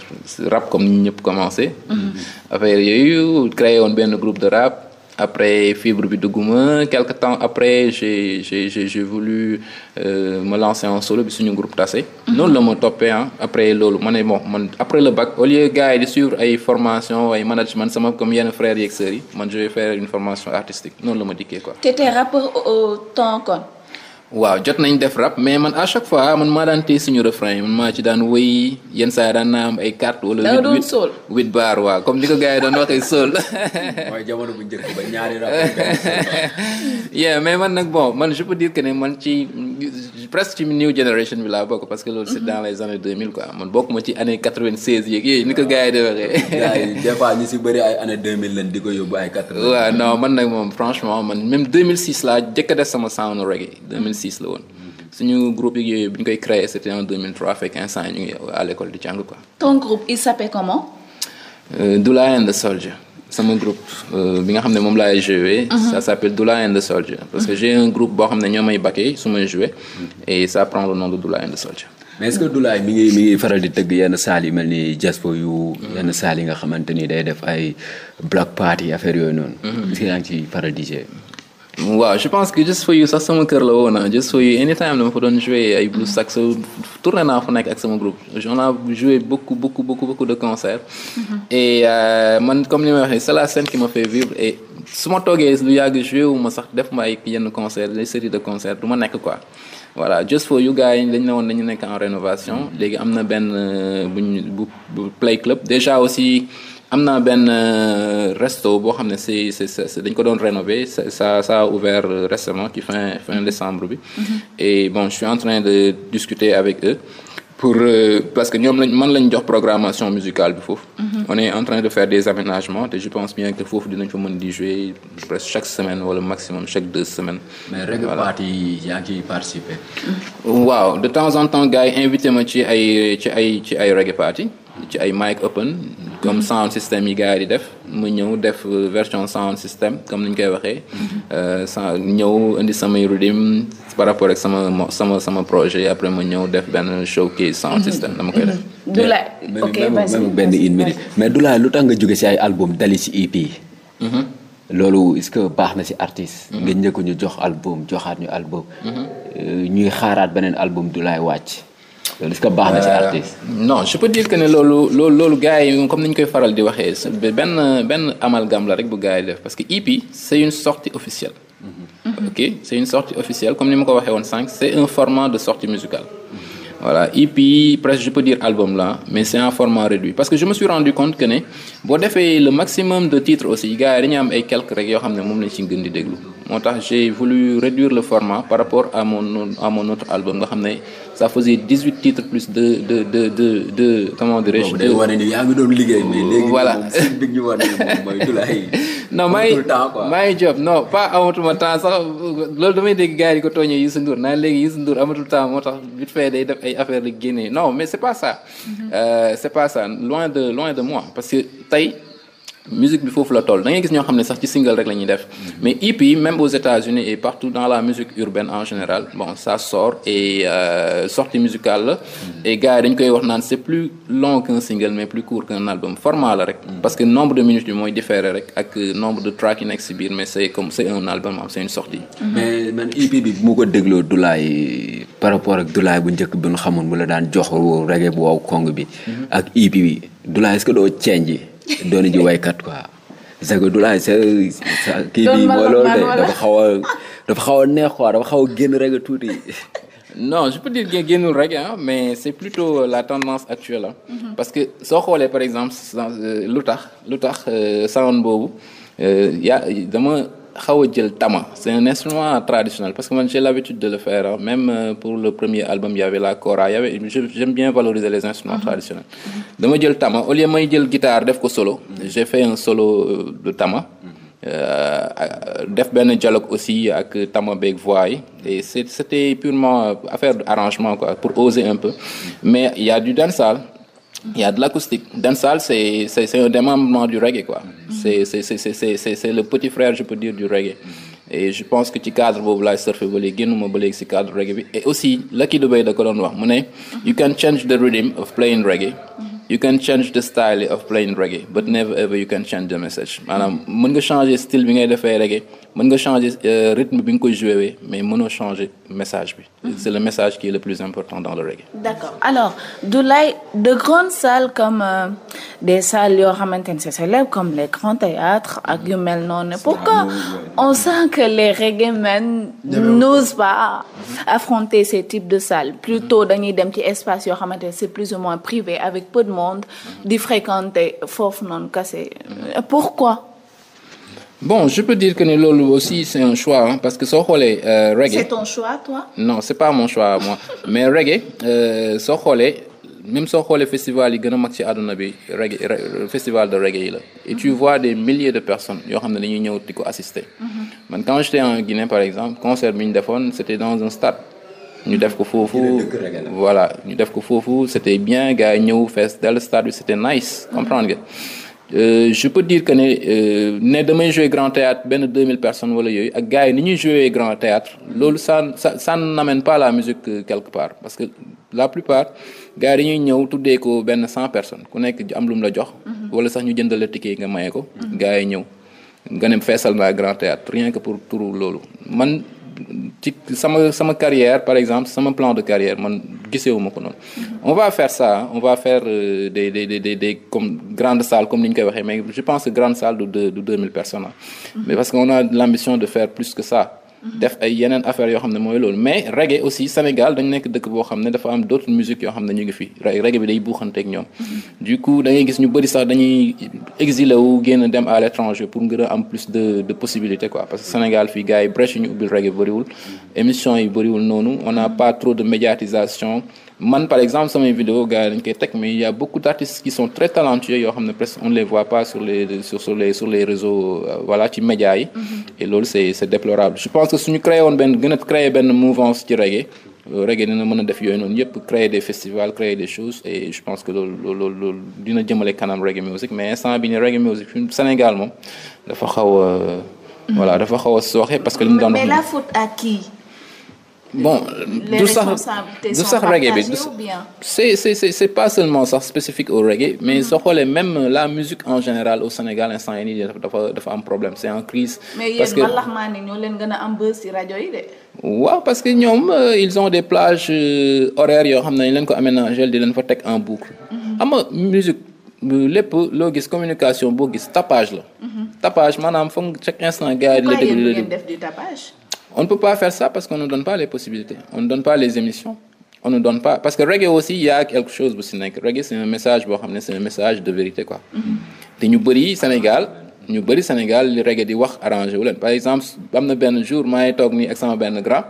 [SPEAKER 3] rap comme ñu ñëpp commencé. Mm-hmm. affaire yooyu créé woon benn groupe de rap. après fibre bi dugguma quelque temps après j'ai j'ai j'ai voulu euh, me lancer en solo bi suñu groupe tase mm-hmm. noonu la ma toppee ah après loolu ma ne bon man après le bac au lieu yi di suivre ay formation ay management sama comme yenn frères yeeg sœurs yi man je vais faire une formation artistique noonu la ma dikkee quoi.
[SPEAKER 1] t'étais rappeur au temps kon.
[SPEAKER 3] waaw jot nañ def rap mais man à chaque fois man maa daan téye suñu refrain yi man maa ci daan wéy yenn saa yi daan naa am ay carte wala. da doon sol huit bar waaw comme ni ko gars yi doon sol.
[SPEAKER 2] mooy jamono bu njëkk ba ñaari
[SPEAKER 3] mais man nag bon man je peux dire que ne man ci. presque ci new generation bi laa bokk parce que loolu c'est mhm. dans les années 2000 quoi man bokk ma ci année 96 yeeg ni ko gars yi
[SPEAKER 2] waxee. gars ñu si bëri ay année 2000 di ko yóbbu ay 80. waaw
[SPEAKER 3] non nag moom franchement man même laa jëkk def sama sound reggae la woon. Mhm. suñu groupe yeeg yooyu bi ñu koy créé c'était en 2003 l'école di jàng quoi.
[SPEAKER 1] ton groupe il s'appelle comment.
[SPEAKER 3] Euh, Doula and the Soldier. sama groupe euh, bi nga xam ne moom laay joué. Mhm. ça s' appelle Doula and the Soldier. parce que mhm. j'ai un groupe boo xam ne ñoo may bakkee su may joué. et
[SPEAKER 2] ça prend le nom de Doula and the Soldier. mais est-ce que Doulaye mi ngi mi ngi faral di tëgg yenn saal yi mel ni jaspo yu. Mhm. yenn saal yi nga xamante ni day def ay block party affaire yooyu noonu. est-ce yaa ngi ciy faral di joué.
[SPEAKER 3] waaw je pense que Just For You sax sama kër la woon ah Just For You anytime dama fa doon joué ay blues sax tourné naa fa nekk ak sama groupe on a joué beaucoup beaucoup beaucoup beaucoup de concerts. Mhm. et euh, man comme ni ma waxee c'est la scène qui m'a fait vivre et su ma toogee lu yàgg joué wu ma sax def ma ay yenn concerts les séries de concerts du ma nekk quoi. voilà Just For You gars yi dañ ne woon dañu nekk en rénovation mhm. léegi am na benn euh, bu ñu bu play club déjà aussi. am na benn euh, resto boo xam ne si dañ ko doon rénover sa ça a ouvert euh, récemment ci fin fin décembre bi. Mm-hmm. et bon je suis en train de discuter avec eux. pour euh, parce que ñoom lañ man lañ jox programmation musicale bi foofu. Mm-hmm. on est en train de faire des aménagements te je pense bien que foofu dinañ fa mën di jouer presque chaque semaine wala maximum chaque deux semaines.
[SPEAKER 2] mais reg party yaa ngi participer.
[SPEAKER 3] waaw de temps en temps gars yi ma ci ay ci ay ci ay reggae party ci ay mic open comme mhm. sound system yi gars yi def ma ñëw def euh, version sound system comme ni ñu koy waxee mhm. euh, sans ñëw indi sama rudim par rapport ak sama sama sama
[SPEAKER 2] projet après ma ñëw def benn showcase sound mhm. system dama koy def
[SPEAKER 1] Doolay ok
[SPEAKER 2] benn une minute mais Doolay lu tax nga jóge ci ay album dali ci EP yi loolu est-ce que baax na ci artiste nga njëkk ñu jox album joxaat ñu album euh, ñuy xaaraat beneen album laay wàcc loolu est-ce que baax na ci euh, artiste.
[SPEAKER 3] non je peux dire que ne loolu loolu loolu gars comme ni ñu koy faral di waxee benn benn amalgame la rek bu gars yi def parce que EP c'est une sortie officielle. Mm-hmm. ok c'est une sortie officielle comme ni ma ko waxee woon sànq c'est un format de sortie musicale. Mm-hmm. voilà EP presque je peux dire album là mais c'est un format réduit parce que je me suis rendu compte que ne boo defee le maximum de titres aussi gars yi dañu am ay quelques rek yoo xam ne moom lañ ci gën di déglu. moo tax j'ai voulu réduire le format par rapport à mon à mon album nga xam ne sa faisait dix huit titres plus de de de de comment dirais-je. boobu day
[SPEAKER 2] liggéey. voilà mais léegi moom
[SPEAKER 3] non maa ngi maa ngi job non pas amatuma temps sax loolu damay dégg gars yi ko tooñee Youssou Ndour naan léegi Youssou Ndour amatul temps moo tax vite fait day def ay affaire la génnee non mais c'est pas ça. Mm-hmm. Euh, c'est pas ça loin de loin de moi parce que tey. musique bi foofu la toll da ngay gis ñoo xam ne sax ci single rek la ñuy def mm-hmm. mais EP même aux États-Unis et partout dans la musique urbaine en général bon ça sort euh, musicale la mm-hmm. et gars dañ koy wax naan c'est plus long qu'un single mais plus court qu'un album format rek mm-hmm. parce que nombre de minutes bi mooy différé rek ak euh, nombre de tracks yi nekk si biir mais c'est comme
[SPEAKER 2] c'est un album am c'est une sortie mais man e bi bu mu ko dégloo Doolay par rapport ak Doolay bu njëkk bi ñu jox reggae bu waaw kong bi ak EP bi Doolay est doon ji kat quoi Zaga Dulaay sa sa kii bii mooy loolu de dafa xaw a dafa xaw neex quoi dafa xaw a génn rek tuuti.
[SPEAKER 3] non je peux dire que génnul rek mais c' est plutôt euh, la tendance actuelle ah. parce que soo xoolee par exemple euh, lu tax lu tax euh, sound boobu ya dama. xaw a jël tama c'est un instrument traditionnel parce que man j'ai l'habitude de le faire même euh, pour le premier album y avait la kora y avait j'aime bien valoriser les instruments mhm. traditionnels dama jël tama au lieu may jël guitare def ko solo mhm. j'ai fait un solo euh, de tama mhm. euh, def benn dialogue aussi ak tama beeg voix yi et c'était purement affaire d'arrangement quoi pour oser un peu mais il y du dancehall il y a de l'acoustique. Dancehall, c'est c'est un démembrement du reggae quoi. Mhm. C'est le petit frère je peux dire du reggae. et je pense que ci cadre boobu laay surfé ba léegi génnuma ba léegi si cadre reggae bi et aussi Lucky Dubé da ko doon wax mu ne. you can change the rhythm of playing reggae. Mhm. you can change the style of playing reggae but never you can change the message maanaam mën nga changer style bi ngay defee reggae euh, mais mënoo changer message bi mm-hmm. c'est message qui est le plus important dans le reggae
[SPEAKER 1] d'accord alors Doolay de grandes salles comme euh, des salles yoo xamante ne c'est célèbre comme les grands théâtres ak yu mel noonu pourquoi on sent que les reggaemen n'osent pas mm-hmm. affronter mm-hmm. plus ou moins privé avec peu de monde di fréquenter foofu noonu kese pourquoi.
[SPEAKER 3] bon je peux dire que ne loolu aussi c' est un choix hein, que soo xoolee. Euh, reggae c' est
[SPEAKER 1] ton choix toi.
[SPEAKER 3] non c' pas mon choix mais reggae euh, soo xoolee même soo xoolee festival yi gën a mag ci àdduna bi reggae festival de reggae yi la. et tu mhm. vois des milliers de personnes yoo xam ne dañuy ñëw di ko assister. Mhm. man quand j' étais Guinée par exemple concert bi ñu defoon c' dans un stade. ñu def ko foofu voilà ñu def ko foofu c'était bien gars yi ñëw fees dal stade bi c'était nice mm-hmm. comprendre nga Euh, je dire que ne euh, ne damay jouer grand théâtre benn 2000 personnes wala yooyu ak gars yi ni ñuy jouer grand théâtre loolu ça ça ça n'amène pas la musique euh, quelque part parce que la plupart gars yi ñuy ñëw tuddee ko benn 100 personnes ku nekk am lu la jox. Mm-hmm. wala sax ñu jëndal la ticket nga maye ko. Mm-hmm. gars yi ñëw nga ne feesal naa grand théâtre rien que pour turu loolu ci sama sama carrière par exemple sama plan de carrière man gisewuma ko noonu. Mhm. on va faire ça on va faire euh, des des des des comme grande salle comme ni ñu koy waxee mais je pense que grande salle du de du deux mille personnes. Mhm. mais parce que on a l'ambition de faire plus que ça. def ay yeneen affaire yoo xam ne mooy loolu mais reggae aussi Sénégal dañ nekk dëkk boo xam ne dafa am d'autres musiques yoo xam ne ñu ngi fi reggae bi day buuxanteeg ñoom. Mm-hmm. du coup da gis ñu bëri sax dañuy exilé wu génn dem à l'étranger pour ngir a am plus de de possibilités quoi parce que Sénégal fii gars yi brèche yi ñu ubbil reggae bariwul mm-hmm. émission yi bëriwul noonu on n'a pas trop de médiatisation. man par exemple samay vidéo gars yi dañ koy mais il beaucoup d'artistes qui sont très talentueux yoo xam ne presque on les voit pas sur les sur réseaux euh, ci médias yi. Mhm. et loolu c'est c'est déplorable. je pense que suñu créé woon benn gën a créé benn mouvance ci reggae euh, reggae dina mën a def yooyu noonu yëpp créer des festivals créer des choses et je pense que loolu lool loolu dina jëmale kanam reggae music mais instant bi ni reggae music fi Sénégal dafa xaw a. Mhm. dafa xaw a parce que. la faute bon du sax
[SPEAKER 1] du sax reggae bi
[SPEAKER 3] c'est c'est c'est pas seulement sax spécifique au reggae mais mm-hmm. soo xoolee même la musique en général au Sénégal instant yii nii dafa dafa am problème c'est en crise parce que mais yéen mbalax
[SPEAKER 1] maa ne ñoo leen gën a am buzz ci de.
[SPEAKER 3] waaw parce que ñoom euh, ils des plages euh, horaires yoo xam ne ñu leen ko aménagé di leen fa teg en boucle. Mm-hmm. xam nga musique lépp loo gis communication boo gis tapage la. Mm-hmm. tapage maanaam foog chaque instant gars la déglu la déglu. On ne peut pas faire ça parce qu'on ne donne pas les possibilités. On ne donne pas les émissions. On ne donne pas. Parce que reggae aussi, il a quelque chose bu si nekk reggae c'est un message boo xam ne c'est un message de vérité quoi. Mm-hmm. te ñu bëri Sénégal ñu bëri Sénégal li reggae di wax arrangé wu leen par exemple am na benn jour maa ngi toog nii ak sama benn grand.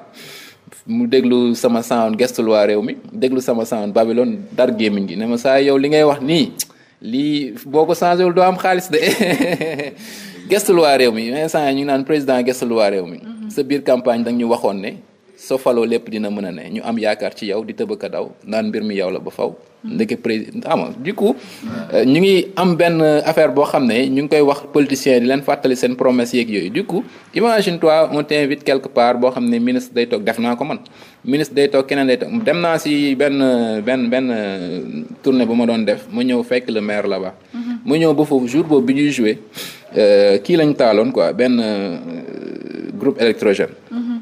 [SPEAKER 3] mu déglu sama sound gestul waa réew mi déglu sama sound Babylone dar gémmiñ gi ne ma saa yow li ngay wax nii lii boo changé wul doo am xaalis de gestul waa réew mi instant ñu ngi naan président gestul waa réew mi. sa biir campagne danga ñu waxoon ne soo faloo lépp dina mën a ne ñu am yaakaar ci yow di tëbëk a daw naan mbir mi yow la ba faw ndeke président ama ah du coup euh, ñu ngi am benn affaire boo xam ne ñu ngi koy wax politicien di leen fàttali seen promesse yeeg yooyu du coup imagine toi on t'invite quelque part boo xam ne ministre day toog def naa ko man ministre day toog keneen day toog dem naa si benn benn benn euh, tournée bu ma doon def ma ñëw fekk le maire la bas mm-hmm. ba Euh, kii lañ taaloon quoi benn euh, groupe électrogène. Mm-hmm.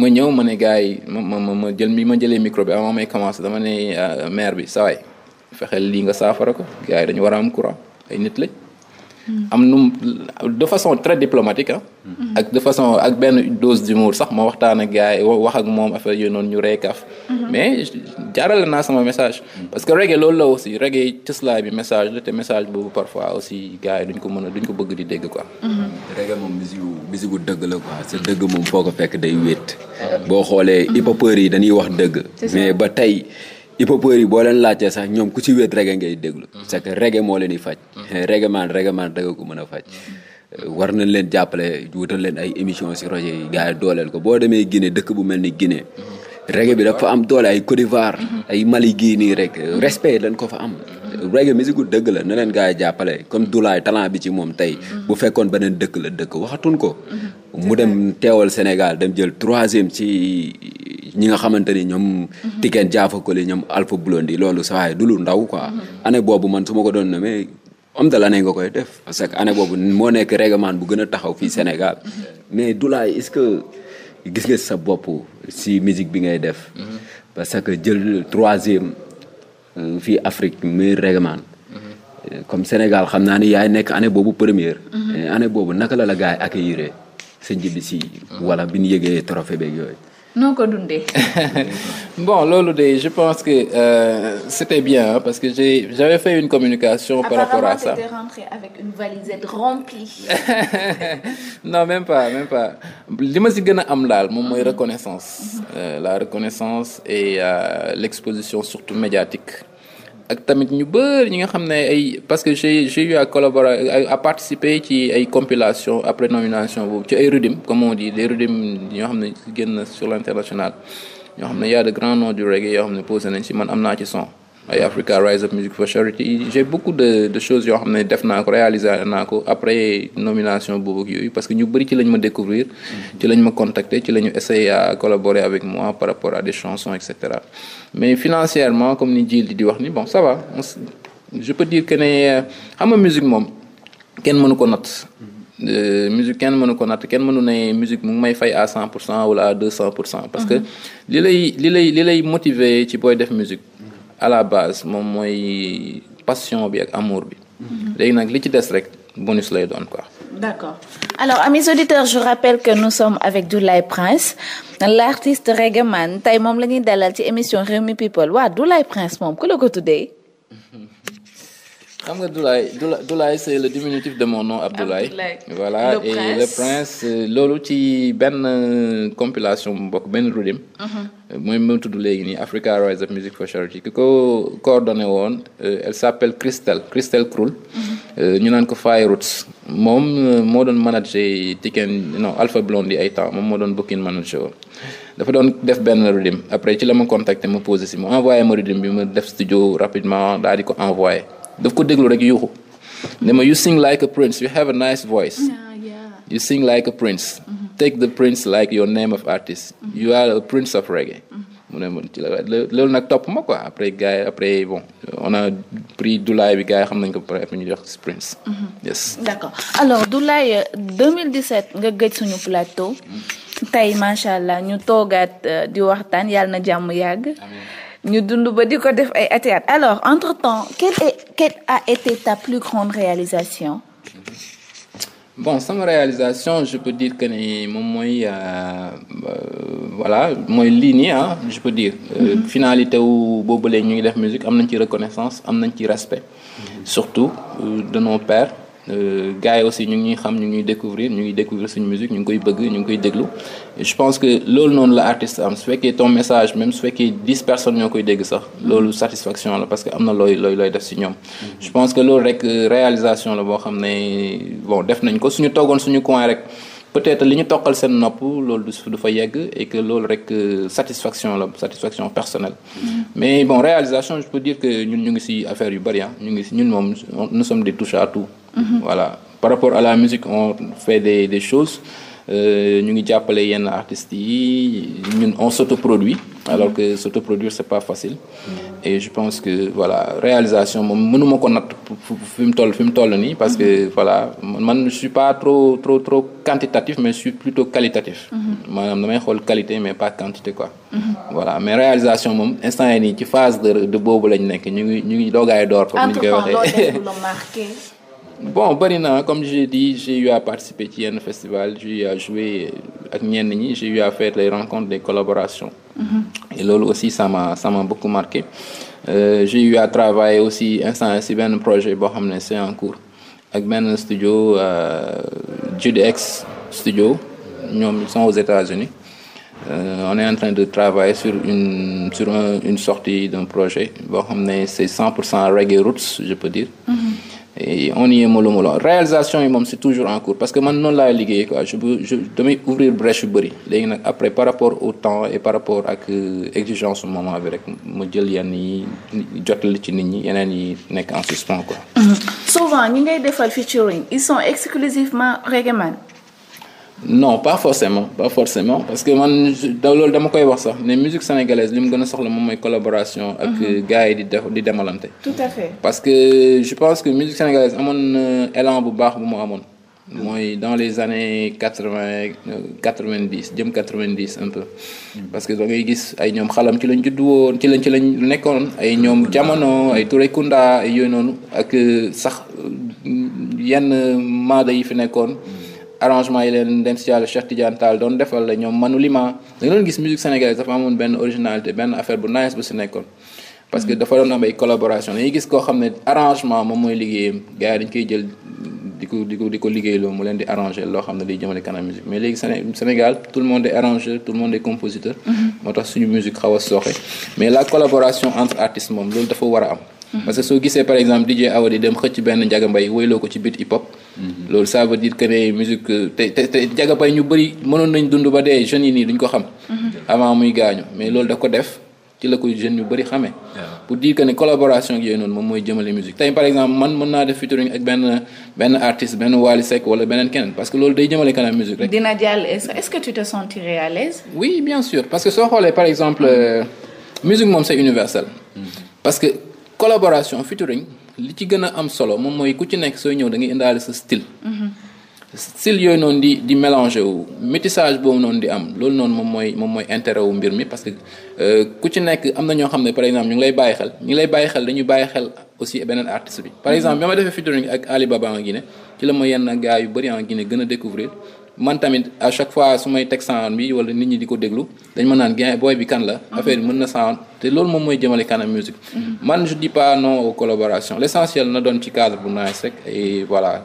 [SPEAKER 3] ma ñëw ma ne gars yi ma ma ma jël mi ma jëlee micro bi may commencé dama ne euh, maire bi saway waay fexeel lii nga saafara ko gars yi dañu war a am courant ay nit lañ. am nu de façon très diplomatique mm-hmm. ak de façon ak benn dose d'humour sax ma waxtaan ak gars yi moom affaire yooyu noonu ñu reykaf mm-hmm. mais jaarale naa sama message. Mm-hmm. parce que reggae loolu la aussi reggae cëslaay bi message la te
[SPEAKER 2] message boobu parfois aussi gars yi duñ ko mën a duñ ko bëgg di dégg ko reggae moom musique dëgg la quoi sa dëgg moom foo ko fekk day wéet. boo xoolee hip-hopeurs yi dañuy wax dëgg. mais ba tey. hip-hopeurs yi boo leen laajtee sax ñoom ku ci wéet reggae ngay déglu. Mhm. c'est que reggae moo leen di faj. Mhm. Eh, reggae man reggae man reggae ko mën a faj. Mhm. war nañ leen jàppale wutal leen ay émissions ci rajo ko boo demee Guinée dëkk bu mel ni Guinée. reggae bi dafa am doole ay Côte d'Ivoire. ay Mali gii nii rek respect lañ ko fa am. reggae musique dëgg la na leen gars jàppale comme Doolay talent bi ci moom tey. bu fekkoon beneen dëkk la dëkk waxatuñ ko. mu dem teewal Sénégal dem jël troisième si ñi nga xamante ni ñoom. Mhm. Tiken Jah Fakoly ñoom Alpha Blondy loolu saa yi du lu ndaw ko mhm. ane boobu man su ma ko doon nommé homme de l'année nga koy def parce que année boobu moo nekk règlement bu gën a taxaw fii mhm. Sénégal. mais Doolay est-ce que gis nga sa bopp si musique bi ngay def. parce que jël troisième euh, fii Afrique meilleur règlement. Euh, comme Sénégal xam naa ni yaay nekk année boobu première. année boobu naka la la gars yi accueillir seen jibbi si. wala bi ñu yëgee trophée yooyu.
[SPEAKER 1] noo ko dundee.
[SPEAKER 2] bon
[SPEAKER 3] loolu de je pense que euh, c'était bien parce que j'ai j'avais fait une communication. par rapport à ça apparemment
[SPEAKER 1] avec une valise remplie.
[SPEAKER 3] non même pas même pas li ma si gën a am daal moom mooy mhm. reconnaissance. Euh, la reconnaissance et euh, l'exposition surtout médiatique. ak tamit ñu bëri ñi nga xam ne ay parce que j'ai j'ai eu à collaborer à participer ci ay compilation après nomination boobu ci ay rythmes comme on dit des rythmes ñoo xam ne génn sur l'international ñoo xam ne y a de grands noms du reggae yoo xam ne posé nañ ci man am naa ci son. ay Africa Rise Up Music for Charity j'ai beaucoup de choses yoo xam ne def naa ko réalisé naa ko après nomination boobu ak yooyu parce que ñu bëri ci lañ ma découvrir ci lañ ma contacter ci la ñu essayer collaborer avec moi par rapport a des chansons et cetera mais financièrement comme ni Djily di di wax ni bon ça va peut peux dire que ne xam nga moom kenn mënu ko natt euh, musique kenn mënu ko natt kenn mënu ne musique mu may fay à cent pour cent wala à deux cent pour cent parce que mhm. li lay li lay li lay motiver ci booy def musique à la base moom mooy passion bi ak amour bi. Mhm. léegi nag li ci des rek bonus lay doon quoi.
[SPEAKER 1] d'accord alors amis auditeurs je rappelle que nous sommes avec Doolay Prince l'artiste reggae man tey moom la ñuy dalal ci émission Rewmi People waaw Doolay Prince moom ku la ko tuddee.
[SPEAKER 3] xam nga Doulaye Doulaye c'est le diminutif de mon nom Abdoulaye. voilà le prince. loolu ci benn euh, compilation mu bokk benn rudim. Mhm. mooy mu tudd léegi nii Africa Rise Up Music for Charity ki ko coordonné woon euh, elle s'appelle Christelle Christelle Kroul. Mhm. Euh, ñu naan ko Fire Roots moom moo doon manager Tiken non Alpha Blondy ay temps moom moo doon booking manager woon. dafa doon def benn rudim après ci la ma contacté ma posé si mu envoyé ma rudim bi ma def studio rapidement daal di ko envoyé. daf ko déglu rek yuuxu ne ma you sing like a prince you have a nice voice ah, you sing like a prince mm-hmm. take the prince like your name of artist mm-hmm. you are a prince of reggae mm-hmm. mu ne loolu nag topp ma ko après gars yi après bon on a pris Doulaye bi gars xam nañ ko ba pare après ñu jox Prince. yes
[SPEAKER 1] d' accord alors Doulaye 2017 euh, nga gëj suñu plateau. tey macha allah ñu toogaat euh, di waxtaan yàlla na jàmm yàgg. amiin ñu dund ba di ko def ay ati at alors entre temps quelle est quelle a été ta plus grande réalisation.
[SPEAKER 3] bon sama réalisation je peux dire que ni moom mooy euh, euh, voilà mooy lii nii ah je peux dire. Euh, mm-hmm. finalité wu boobule ñu ngi def musique am nañ ci reconnaissance am nañ ci respect. Mm-hmm. surtout de nos pères. Euh, gars yi aussi ñu ngi ñuy xam ñu ngi ñuy découvrir ñu ngi découvrir suñu musique ñu ngi koy bëgg ñu ngi koy déglu je pense que loolu noonu la artiste am su fekkee ton message même su fekkee dix personnes ñoo koy dégg sax loolu satisfaction la parce que am na looy looy looy si ñoom mm-hmm. je pense que loolu rek euh, réalisation la boo xam ne bon def nañ ko suñu toogoon suñu coin rek peut-être li ñu toqal seen nopp loolu du fa yegg e que loolu rek euh, satisfaction la satisfaction personnelle mm-hmm. mais bon réalisation je peux dire que ñun ñu ngi si affaire yu bari ah. ñu ngi si ñun moom nous sommes des touches à tout Mm-hmm. voilà par rapport à la musique on fait des chose choses euh, ñu ngi jàppale yenn artistes yi ñun on s'autoproduit alors que s'autoproduire c'est pas facile mm-hmm. et je pense que voilà réalisation moom mënuma ko natt fi mu toll fi mu toll nii parce que mm-hmm. voilà man je suis pas trop trop trop quantitatif mais je suis plutôt qualitatif xool qualité mais pas quantité quoi voilà mais réalisation moom instant yi nii ci phase de de boobu lañ nekk ñu ngi ñu ngi doogaay door comme ni ñu koy
[SPEAKER 1] waxee
[SPEAKER 3] bon bëri na comme j'ai dit j'ai eu à participer ci yenn festival j'ai eu à jouer ak ñenn ñi j'ai eu à faire les rencontres des collaborations
[SPEAKER 2] mm -hmm.
[SPEAKER 3] loolu aussi ça m'a ça m'a beaucoup marqué euh, j'ai eu aussi instant si benn projet boo xam ne c'est en cours ak benn studio euh, Judex studio ñoom ils sont aux États-Unis euh, on est en train de travailler sur une sur une sortie d'un projet boo xam ne c'est 100 cent reggae roots je peux dire mm-hmm. on y est mollo réalisation yi moom c'est toujours en cours parce que man noonu laay je je ouvrir brèche yu bëri nag après par rapport au temps et par rapport ak euh, exigence moment bi rek ma jël yenn yi ci nit ñi yeneen yi nekk en suspens quoi.
[SPEAKER 1] Mm-hmm. souvent ñi ngay defal featuring ils sont exclusivement reggae
[SPEAKER 3] non pas forcément pas forcément parce que man da loolu dama koy wax sax ne musique sénégalaise li mu gën a soxla moom mooy collaboration. ak mhm. gars yi di def di demalante. parce que je pense que musique sénégalaise amoon élan bu baax bu mu amoon. mooy dans les années quatre vingt euh, quatre vingt jëm quatre vingt dix un peu. Mhm. parce que da ngay gis ay ñoom xalam ci lañ judd woon ci lañ ci lañ nekkoon ay ñoom jamono ay Touré Kunda ay yooyu noonu ak euh, sax euh, yenn maada yi fi nekkoon. Mhm. arrangement yi leen dem si yàlla Cheikh Tidiane doon defal la ñoom Manu Lima da gis musique sénégalaise dafa amoon di ko di ko mu leen di arrangé loo xam ne di jëmale kanam musique mais léegi Sénégal tout le monde est arrangeur tout le monde est compositeur mm-hmm. moo tax suñu musique xaw a mais la collaboration entre artistes moom loolu dafa war a am mm-hmm. parce que soo gisee par exemple DJ Awadi dem xëcc benn Ndiaga Mbaye woyloo ko ci Mhm. loolu ça veut dire que ne musique te te te Ndiaga ñu bëri mënoon nañ dund ba dee jeunes yi nii duñ ko xam. Mhm. avant muy gaañu mais loolu da ko def ci la koy jeunes yu bari xamee. pour dire que ne collaboration ak yooyu noonu moom mooy jëmale musique tey par exemple naa def featuring ak benn benn parce que loolu day jëmale kanam
[SPEAKER 1] que te sentirais
[SPEAKER 3] soo xoolee par exemple euh, musique moom c'est universel. Mm-hmm. parce que collaboration featuring. li ci gën a am solo moom mooy ku ci nekk sooy ñëw da ngay indaale sa style. style yooyu noonu di di mélanger wu métissage boobu noonu di am loolu noonu moom mooy moom mooy intérêt wu mbir mi parce que euh, ku ci nekk am na ñoo xam ne par exemple ñu ngi lay bàyyi xel ñu ngi lay bàyyi xel dañuy bàyyi xel aussi beneen artiste bi. par exemple bi ma defee featuring ak Ali Baba en Guinée ci la ma yenn gars yu bëri en Guinée gën a découvrir man tamit à chaque fois su may teg sound bi wala nit ñi di ko déglu dañ ma naan gain booy bi kan la. Mhm. affaire mën na sound te loolu moom mooy jëmale kanam musique mhm. man je dis pas non aux na doon ci cadre bu nice rek et voilà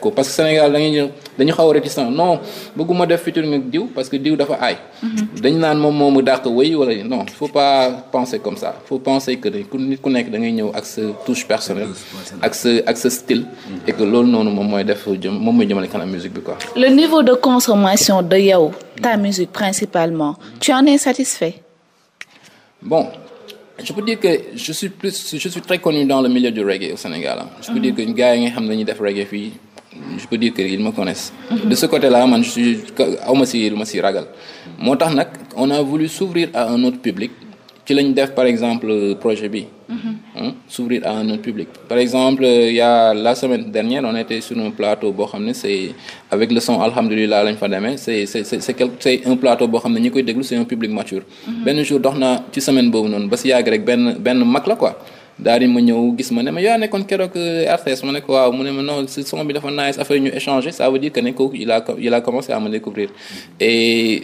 [SPEAKER 3] ko parce que Sénégal da ngay dañu xaw a réticent non bëgguma def featuring ak parce que diw dafa aay. Mhm. dañ naan moom moomu dàq wëy wala non faut pas penser comme ça faut penser ku nekk da ngay ñëw ak sa touche personnelle ak sa mhm. loolu noonu moom mooy def jëm moom mooy jëmale kanam musique bi quoi.
[SPEAKER 1] le niveau de consommation de yow ta musique principalement tu en es satisfait.
[SPEAKER 3] Bon, je peux dire que je suis plus je suis très connu dans le milieu du reggae au Sénégal. Je peux mm dire que gars yi nga xam ne dañuy def reggae fi je peux dire que ils me connaissent. Mhm. De ce côté-là man je aw ma si ma si ragal. moo tax nag on a voulu s'ouvrir à un autre public. ci lañ def par exemple projet bi. Mm-hmm. s'ouvrir à un public. par exemple il a la semaine dernière on était sur un plateau boo xam ne c'est avec le son alhamdulilah lañ fa demee c'est c'est quelque c'est un plateau boo xam ne ñi koy déglu c'est un public mature. Mm-hmm. benn jour dox naa ci semaine boobu noonu ba si yàgg rek benn benn mag la quoi. daal di ma ñëw gis ma ne ma yaa nekkoon keroog euh, RTS ma ne ko waaw mu ne ma non si son bi dafa nice affaire ñu échanger ça veut dire que ne kooku il a il a commencé à me découvrir mm-hmm. et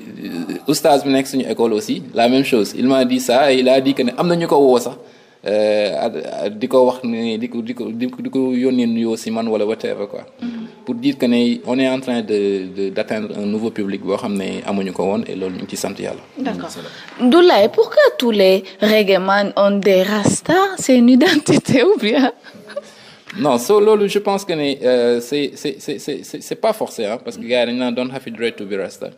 [SPEAKER 3] euh, oustaz bi nekk suñu école aussi la même chose il m'a dit ça et il a am na ñu ko woo sax. Euh, di ko wax ni di ko di ko di ko yónnee nuyoo si man wala whatever quoi. Mm-hmm. pour dire que ne on en train de d' atteindre un nouveau public boo xam ne amuñu ko woon et loolu ñu ngi ci sant yàlla.
[SPEAKER 1] d' accord Doolay pourquoi tous les reggaeman ont des rastas c' est une identité ou bien.
[SPEAKER 3] non so loolu je pense que ne euh, c'est c'est c'est c'est c'est pas forcé parce que gars yi dañu naan don't have it right to be rasta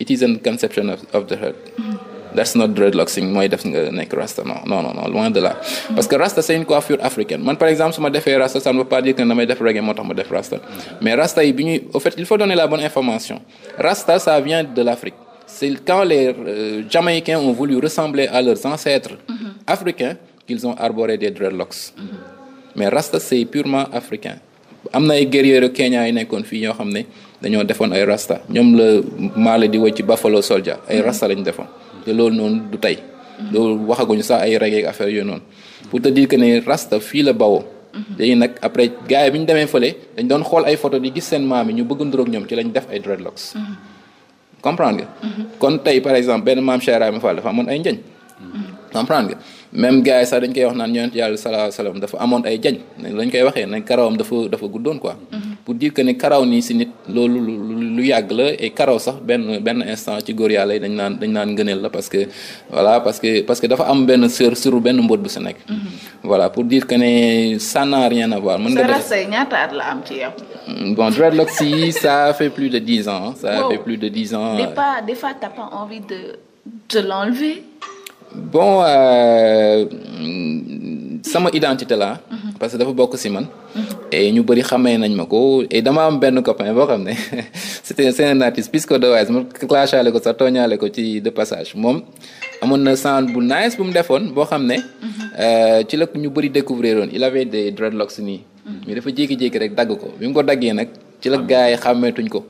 [SPEAKER 3] it is a conception of, the herd. Mm-hmm. that's not dreadlocking mooy def nga nekk rasta non non non loin de là. parce que rasta c'est une coiffure africaine man par exemple su ma defee rasta ça ne veut pas dire que damay def reggae moo tax ma def rasta mais rasta yi bi ñuy au fait la bonne information rasta ça vient de l'Afrique c'est quand les euh, Jamaïcains ont voulu ressembler à leurs ancêtres mm-hmm. africains qu'ils ont arboré des dreadlocks mm -hmm. mais rasta c'est purement africain am na ay guerriers Kenya yi nekkoon fii ñoo xam ne dañoo defoon ay rasta ñoom la maale di woy ci Buffalo Soldier ay mm-hmm. rasta lañ defoon te loolu noonu du tey. loolu waxaguñu sax ay reggae affaire yooyu noonu. pour te dire que ne rasta fii la bawoo. Mhm. léegi nag après gars yi bi ñu demee fële dañ doon xool ay photo di gis seen maam yi ñu bëgg nduróog ñoom ci lañ def ay dreadlocks. Mhm. comprendre nga. Mhm. kon tey par exemple benn maam Cheikh Ibrahima Fall dafa amoon ay njañ. comprendre nga même gars yi sax dañ koy wax naan yonent yàlla salaahu salaam dafa amoon ay jañ lañ koy waxee nañ karawam dafa dafa guddoon quoi. pour dire que ne karaw nii si nit lu yàgg la et karaw sax benn benn instant ci góor yàlla dañ naan dañ naan ngëneel la parce que voilà parce que parce que dafa am benn sër suru benn mbóot bu si nekk. Mm-hmm. voilà pour dire que ne ça n'a rien à voir. mën nga def
[SPEAKER 1] say ñaata at la am ci yow.
[SPEAKER 3] Mm, bon dreadlocks yi ça fait plus de dix ans. ça fait plus de dix ans. des
[SPEAKER 1] euh. fois pas envie de de l'enlever.
[SPEAKER 3] Euh, sama identité laa. Mhm. parce que dafa bokk si man. Mhm. et ñu bëri xamee nañ ma ko et dama am benn copain boo xam ne c'était c'est un artiste puisque de wise ma clashaale ko sax ko ci de moom amoon na sound bu nice bu mu defoon boo xam ne. Mhm. Euh, ci la ñu bëri découvrir woon il avait des dreadlocks nii. mais dafa jékki-jékki rek dagg ko bi mu ko daggee nag. ci la ah. gars yi xàmmeetuñ ko.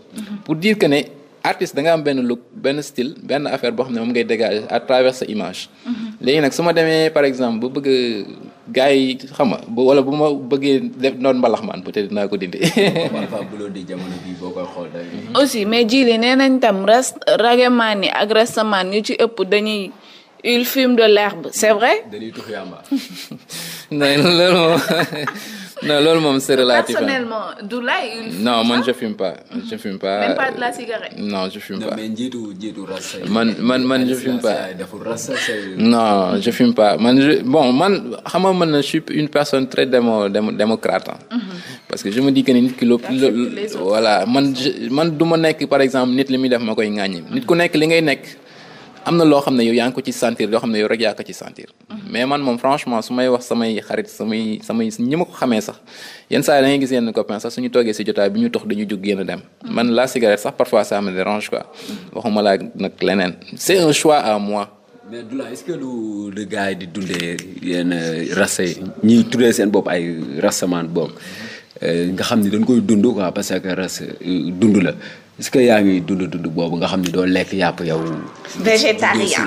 [SPEAKER 3] pour dire que ne. artiste da nga am benn look benn style benn affaire boo xam ne moom ngay dégager à travers image. léegi nag su demee par exemple bu bëgg gars yi xam nga bu wala bu ma bëggee def noonu mbalax maan peut-être dinaa ko dindi.
[SPEAKER 2] di jamono bii boo xool
[SPEAKER 1] aussi mais jili nee nañ tam rest ragemaan ni ak restamaan yu ci ëpp dañuy. il fume de l'herbe c'est vrai.
[SPEAKER 2] dañuy tux yàmba.
[SPEAKER 3] non loolu moom c'est relatif
[SPEAKER 1] personnellement non man
[SPEAKER 3] je fume pas je fume de la cigarette. non je fume pas. non man man man je fume pas. non je fume pas man je bon man xam nga man je suis une personne très démo démo démocrate. Mhm. parce que je me dis que nit ki loo man man du ma nekk par exemple nit li muy def ma koy ŋàññi nit ku nekk li ngay nekk. am na loo xam ne yow yaa ngi ko ci sentir loo xam ne yow rek yaa ko ci sentir. Mm-hmm. mais man moom franchement su may wax samay xarit samay samay ñi ma ko xamee sax yenn saa yi da ngay gis yenn copain sax suñu toogee si jotaay bi ñu tox dañu jóg génn mm-hmm. man la cigarette sax parfois ça me dérange quoi.
[SPEAKER 2] Mm-hmm. laa nag leneen. c'est un choix à moi. mais ce que lu lu gars yi di dundee yenn euh, rase yi ñiy tuddee seen bopp ay rasamaan boobu euh, nga xam ni dañ koy dund quoi parce que rase euh, dund la. est-ce que yaa ngi dund dund boobu nga xam ni doo lekk yàpp yow.
[SPEAKER 1] végétarien.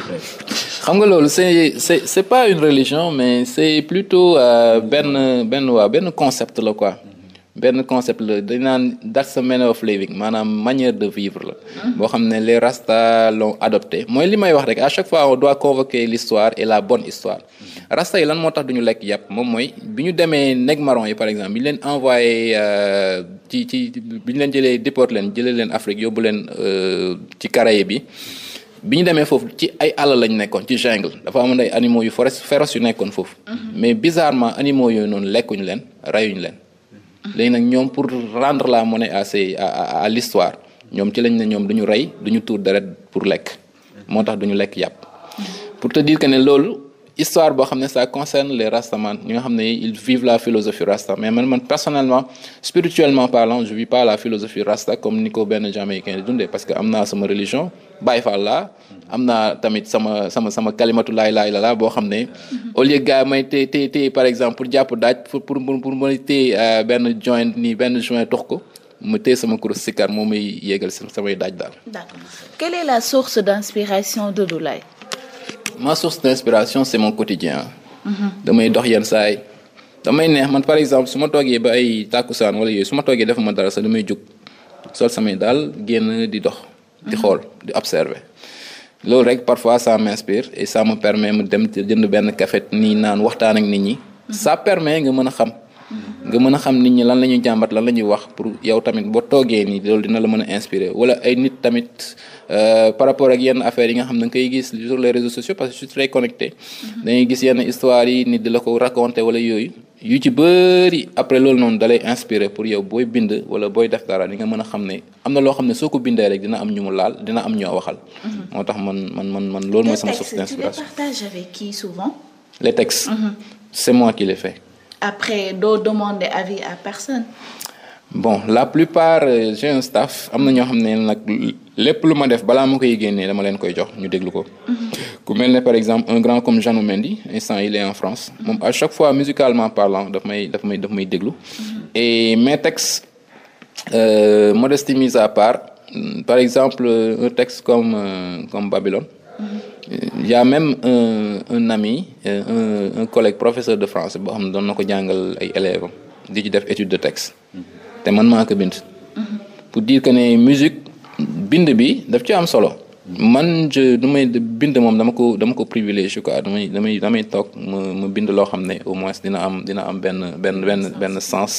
[SPEAKER 2] xam nga loolu c'est c'est
[SPEAKER 3] c'est pas une religion mais c'est plutôt euh, benn benn waa benn concept la quoi. benn concept la dañ naan that's a manner of living maanaam manière de vivre la. boo xam ne les Rasta l'ont adopté mooy li may wax rek à chaque fois on doit convoquer l'histoire et la bonne histoire. rasta yi lan moo tax du ñu lekk yàpp moom mooy bi ñu demee neg marron yi par exemple bi ñu leen envoyé euh, ci ci bi ñu leen jëlee déporté leen jëlee leen Afrique yóbbu leen euh, ci Caraïbes bi bi ñu demee foofu ci ay àll lañ nekkoon ci jungle dafa amoon ay animaux yu forest féroce yu nekkoon foofu. Mhm. mais bizarrement animaux yooyu noonu lekkuñu leen reyuñu leen. Mhm. léegi nag ñoom pour rendre la monnaie ne asse à l'histoire ñoom ci lañ ne ñoom du rey duñu ñu tuur deret pour lekk. Mhm. moo tax duñu lekk yàpp. histoire boo xam ne concerne les rastaman ñi nga xam ne ils vivent la philosophie rasta man personnellement spirituellement parlant je vis pas la philosophie rasta comme ni ko benn jamaïcain di dundee parce am na sama religion tamit sama sama sama la laay laay la boo xam ne au lieu gars may téye téye téye par exemple pour jàpp daaj pour pour pour may téye euh, benn joint nii benn joint tox ko mu téye sama kuréel sikar moo may yéegal samay daaj daal.
[SPEAKER 1] D'accord. est la source d'inspiration de Doudou Laye
[SPEAKER 3] ma source d'inspiration c'est mon quotidien. Mhm. damay dox yenn saay damay neex man par exemple su ma toogee ba ay tàkkusaan wala yooyu su ma toogee defuma dara sax damay jug sol samay daal génn di dox. di mhm. xool di observer. loolu rek parfois ça m'inspire et ça me permet mu dem jënd benn café nii naan waxtaan ak nit ñi. Mhm. ça permet nga mën a xam. nga mën a xam nit ñi lan la ñuy jàmbat lan la ñuy wax pour yow tamit boo toogee nii loolu dina la mën a inspirer wala ay nit tamit. Euh, par rapport ak yenn affaires yi nga xam da nga koy gis sur les réseaux sociaux parce que je suis très connecté. Mhm. dañuy gis yenn histoire yi nit di la ko raconter wala yooyu. yu ci bëri après loolu noonu dalay inspiré pour yow booy bind wala booy def dara di nga mën a xam ne am na loo xam ne soo ko bindee rek dina am ñu mu laal dina am ñoo waxal. Mhm. moo tax man man man loolu mooy sama source d'inspiration. tu les partages mhm. c'est moi qui les fais.
[SPEAKER 1] après doo demander avis
[SPEAKER 3] la plupart euh, j'ai un staff am na ñoo xam lépp lu ma def balaa ma koy génnee dama leen koy jox ñu déglu ko. Mhm. ku mel ne par exemple un grand comme Jeannot Mendy instant il est en France mhm. moom à chaque fois musicalement parlant daf may daf may daf may déglu. Mhm. et mes textes euh, modestie à part par exemple euh, un texte comme euh, comme même un un ami euh, un un collègue professeur de france boo xam ne doon na ko jàngal ay élèves am di ci def étude de texte. te man maa ko bind. pour dire que ne musique. bind bi daf ci am solo man je du may bind moom dama ko dama ko privilégié quoi damay damay damay toog ma ma bind loo xam ne au moins dina am dina am benn benn benn benn sens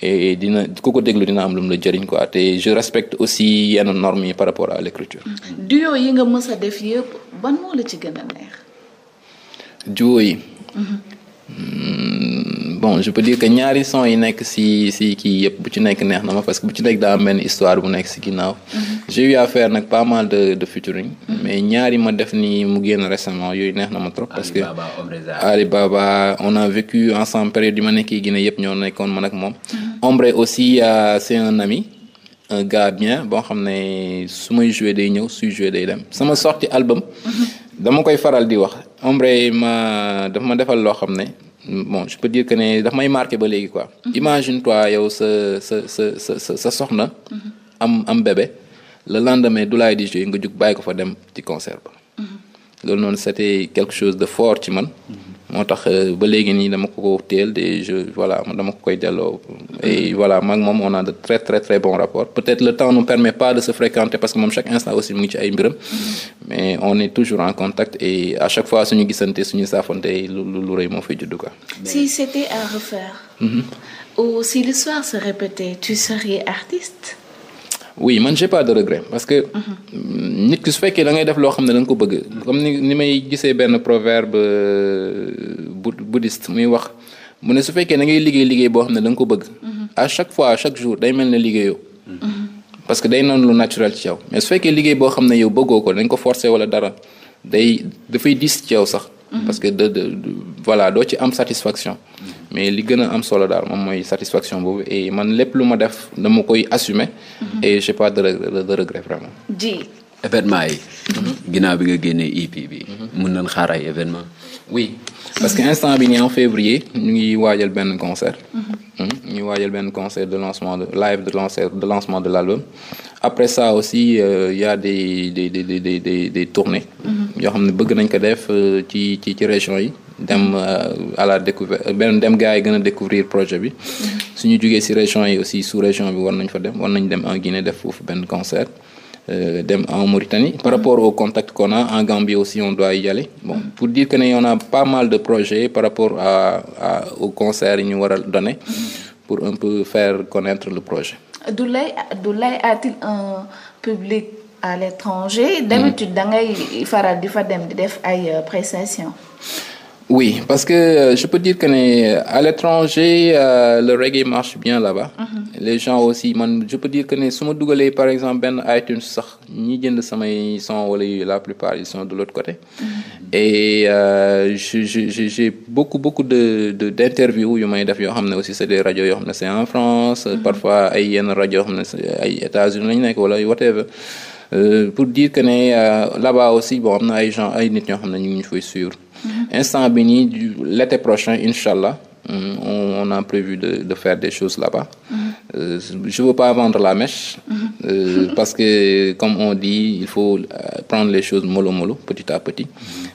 [SPEAKER 3] et dina ku ko déglu dina am lu mu la jëriñ quoi te je respecte aussi yenn normes yi par rapport à l'écriture
[SPEAKER 1] duo yi nga mës a def yëpp ban moo la ci gën neex
[SPEAKER 3] duo yi mhm. hmm. bon je peux dire que ñaari son yi nekk si si kii yëpp bu ci nekk neex na ma parce que bu ci nekk daa am benn histoire bu nekk si ginnaaw. Mhm. j'ai eu à nag pas mal de de mhm. mais ñaari ma def ni mu génn récemment yooyu neex na ma trop. parce que Ali Baba on a vécu ensemble période yi ma nekkee Guinée yëpp ñoo nekkoon man moom. Mhm. Ombre aussi euh, c'est un ami. un bien boo xam ne su may joué day ñëw suy joué day dem sama sorti album. dama koy faral di wax Ombre ma dafa ma defal loo xam ne. bon je peux dire que ne daf may marqué ba léegi quoi. Mhm. imagine toi yow sa sa sa sa sa soxna. Mhm. am am bébé le lendemain du laay di jouer nga jug bàyyi ko fa dem ci concert ba. Mhm. loolu noonu c'était quelque chose de fort ci man. moo tax euh, ba léegi nii dama ko ko teel et voilà dama koy delloo et voilà maag moom on a de très très très bons rapports peut-être le temps nous permet pas de se fréquenter parce que moom chaque instant aussi mu ngi ay mbiram mais on est toujours en contact et à chaque fois suñu gisante suñu saafonte lu lu rëy moo fay judd quoi.
[SPEAKER 1] si c'était à refaire. Mm-hmm. ou si l'histoire se répétait tu serais artiste.
[SPEAKER 3] oui man j'ai pas de regret parce que. Mhm. nit ki su fekkee da ngay def loo xam ne da ko bëgg. comme ni ni may gisee benn proverbe euh, bouddhiste muy wax mu ne su fekkee da ngay liggéey liggéey boo xam ne da nga ko bëgg. Mhm. à chaque fois à chaque jour day mel ne liggéeyoo. Mhm. parce que day noonu lu naturel ci yow mais su fekkee liggéey boo xam ne yow bëggoo ko dañ ko forcer wala dara day dafay diis ci yow sax. parce que de de voilà doo ci am satisfaction. mais li gën a am solo daal moom mooy satisfaction boobu et man lépp lu ma def dama koy assumer. Mhm. et j'ai pas de de regret vraiment. ji. événement yi. Mhm. ginnaaw bi nga génnee EP bi. Mhm. mun na xaar ay événement oui. parce que instant bi nii en février ñu ngi waajal benn concert. Hmm? ñu waajal benn concert de lancement de live de concert de lancement de l'album après ça aussi euh, y a des des des des des des mhm. yoo xam ne bëgg nañ ko def euh, ci ci ci région yi. dem mhm. euh, à la découverte euh, benn dem gars yi gën a découvrir projet bi. Mhm. suñu jugee si région yi aussi sous région bi war nañ fa dem war nañ dem en Guinée def foofu benn concert. Euh, dem en Mauritanie par rapport au contact qu'on a en Gambie aussi on doit y aller bon pour dire que ne on a pas mal de projets par rapport au concert yi ñu war a donner pour un peu faire connaître le projet
[SPEAKER 1] Doulaye Doulaye a un public à l'étranger d'habitude da ngay faral di fa dem di def ay euh, prestations
[SPEAKER 3] Oui, parce que euh, je peux dire que à l'étranger euh, le reggae marche bien là ba Mm -hmm. gens aussi man je peux dire que ne su ma dugalee par exemple benn iTunes sax ñi jënd samay son wala la plupart ils sont de l'autre côté. Mm -hmm. Et euh, je je j'ai beaucoup de de d'interviews yu may def yoo xam ne aussi c'est des radios yoo xam ne c'est en France. Mm -hmm. Parfois ay yenn radio yoo xam ne ay États-Unis lañu nekk wala whatever. Euh, pour dire que ne euh, là-bas aussi bon am na ay gens ay nit ñoo xam ne ñu ngi ñu fay suivre. instant bi nii l'été prochain incha allah Euh, on, on a prévu de, de, faire des choses là-bas. Mm -hmm. euh, veux pas vendre la mèche, euh, parce que, comme on dit, il faut euh, prendre les choses molo molo petit à petit.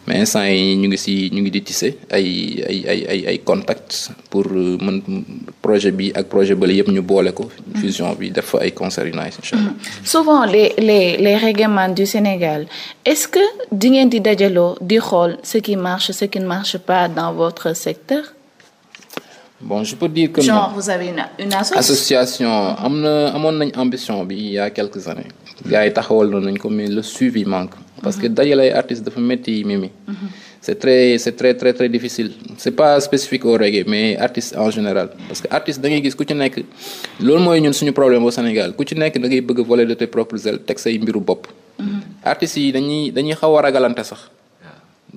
[SPEAKER 3] mais instant yi ñu ngi si ñu ngi di tisser ay ay ay ay ay pour mën projet bi ak projet bële yëpp ñu boole ko. fusion bi def fa ay concert yu nice incha
[SPEAKER 1] mhm. du Sénégal est-ce que di ngeen di dajaloo di xool ce qui marche ce qui ne marche pas dans votre secteur.
[SPEAKER 3] bon je peux dire que. genre non. vous avez association am na amoon nañ ambition bi il y a quelques années. gars yi taxawal nañ ko mais le suivi manque. parce que mhm. dajale ay artistes dafa métti Mimi. Mhm. c'est très c'est très très très difficile c'est pas spécifique au reggae mais artiste en général parce que artiste da gis ku ci nekk loolu mooy ñun suñu problème au Sénégal ku ci nekk da ngay bëgg voler de tes propres ailes teg say mbiru bopp. Mhm. artistes yi dañuy xaw a ragalante sax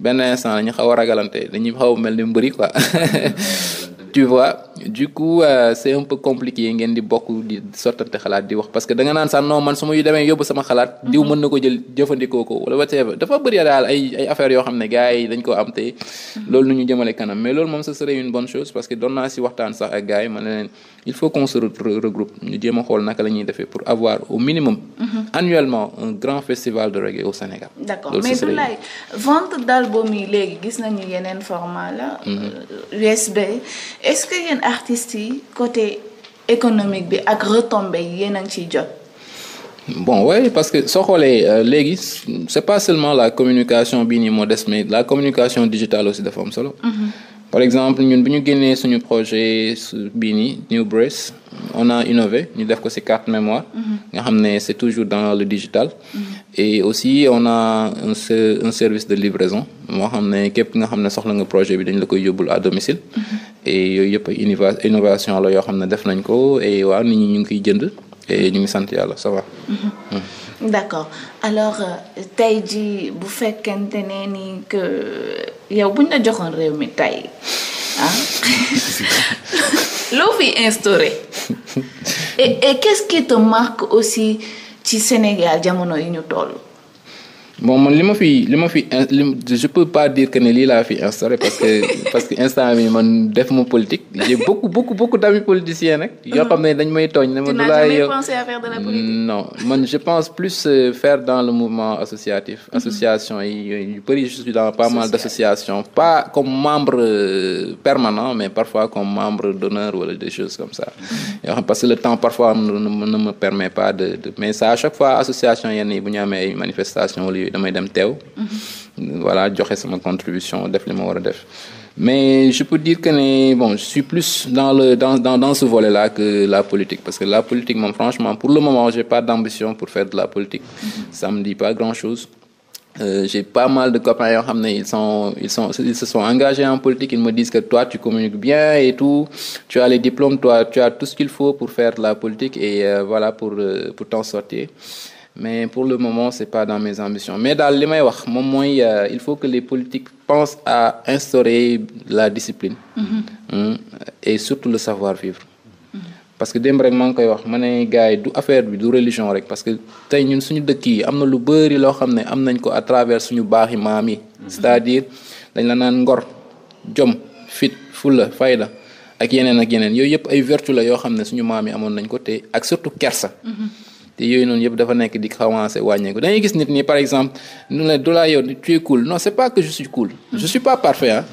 [SPEAKER 3] be instant dañuy xaw ragalante dañuy xaw a mel ni mbëri quoi. tu vois du coup euh, c'est un peu compliqué ngeen di bokk di sottante xalaat di wax parce que da naan sax non man su ma yu demee yóbbu sama xalaat. Mhm. diw mën na ko jël jëfandikoo ko wala whatever dafa bëri daal ay ay yoo xam ne gars dañ koo am te mhm. loolu ñu jëmale kanam mais loolu moom ce serait une bonne chose parce que doon naa si waxtaan sax ak gars ma ne leen il faut qu'on se ñu jéem xool naka la defee pour avoir au minimum. Mhm. annuellement
[SPEAKER 1] artistes yi côté économique bi ak retombées yi yéen a ngi ciy jot.
[SPEAKER 3] bon oui parce que soo xoolee euh, léegi c'est pas la communication bi nii moo des mais la communication digitale aussi dafa am solo. Mm-hmm. par exemple ñun bu ñu génnee suñu projet bii nii New Brace. on a innové ñu def ko ci carte mémoire. Mhm. nga xam ne c'est toujours dans le digital. Mhm. et aussi on a un service de livraison moo xam ne képp nga xam ne soxla nga projet bi dañ la koy yóbbul à domicile. Mhm. et yooyu yëpp innovation la yoo xam ne def nañ ko et waaw nit ñu ngi koy jënd et ñu ngi sant yàlla ça va.
[SPEAKER 1] d'accord alors euh, tey jii bu fekkente ne ni que yow buñ la joxoon réew mi tey. ah loo fi instauré et et qu'est-ce qui te aussi ci Sénégal jamono yi ñu toll.
[SPEAKER 3] bon man li ma fi li ma fi in je peux pas dire que ne lii laa fi instauré parce que parce que instant bi man def ma politique j'ai beaucoup beaucoup beaucoup d'amis politiciens nag. Mhm. yoo xam ne dañ may tooñ. ne ma du laa yow man je pense plus euh, faire dans le mouvement associatif. Mhm. association yi yooyu yu bëri dans pas mal d'associations pas comme membre euh, permanent mais parfois comme membre d'honneur wala des choses comme ça. Mhm. yoo xam parce que le temps parfois ne me permet pas de de mais chaque fois association yenn yi bu ñu amee ay manifestations yooyu damay dem teew. voilà joxe sama contribution def li ma war a def. mais je peux dire que ne bon je suis plus dans le dans dans dans ce volet là que la politique parce que la politique moom franchement pour le moment j'ai pas d'ambition pour faire de la politique. ça me dit pas grand chose. Euh, j'ai pas mal de copains yoo xam ne ils sont ils sont ils se sont engagés en politique ils me disent que toi tu communiques bien et tout tu as les diplômes toi tu as tout ce qu'il faut pour faire de la politique et euh, voilà pour euh, pour t'en sortir. mais pour le moment c'est pas dans mes ambitions mais daal li may wax moom mooy euh, il faut que les politiques pensent à instaurer la discipline mm-hmm. Mm. et surtout le savoir-vivre mm-hmm. parce que démb rek maa ngi koy wax ma ne gars yi du affaire bi du religion rek parce que tey ñun suñu dëkk yi am na lu bëri loo xam ne am nañ ko à travers suñu baaxi maam yi mm-hmm. c'est-à-dire dañ la naan ngor jom fit fulla fayda ak yeneen ak yeneen yooyu yëpp ay vertu la yoo xam ne suñu maam yi amoon nañ ko te ak surtout kersa mm-hmm. te yooyu noonu yëpp dafa nekk di commencé wàññeeku da ngay gis nit ñi par exemple nu ne du laa yow tu es cool non c'est pas que je suis cool je suis pas parfait ah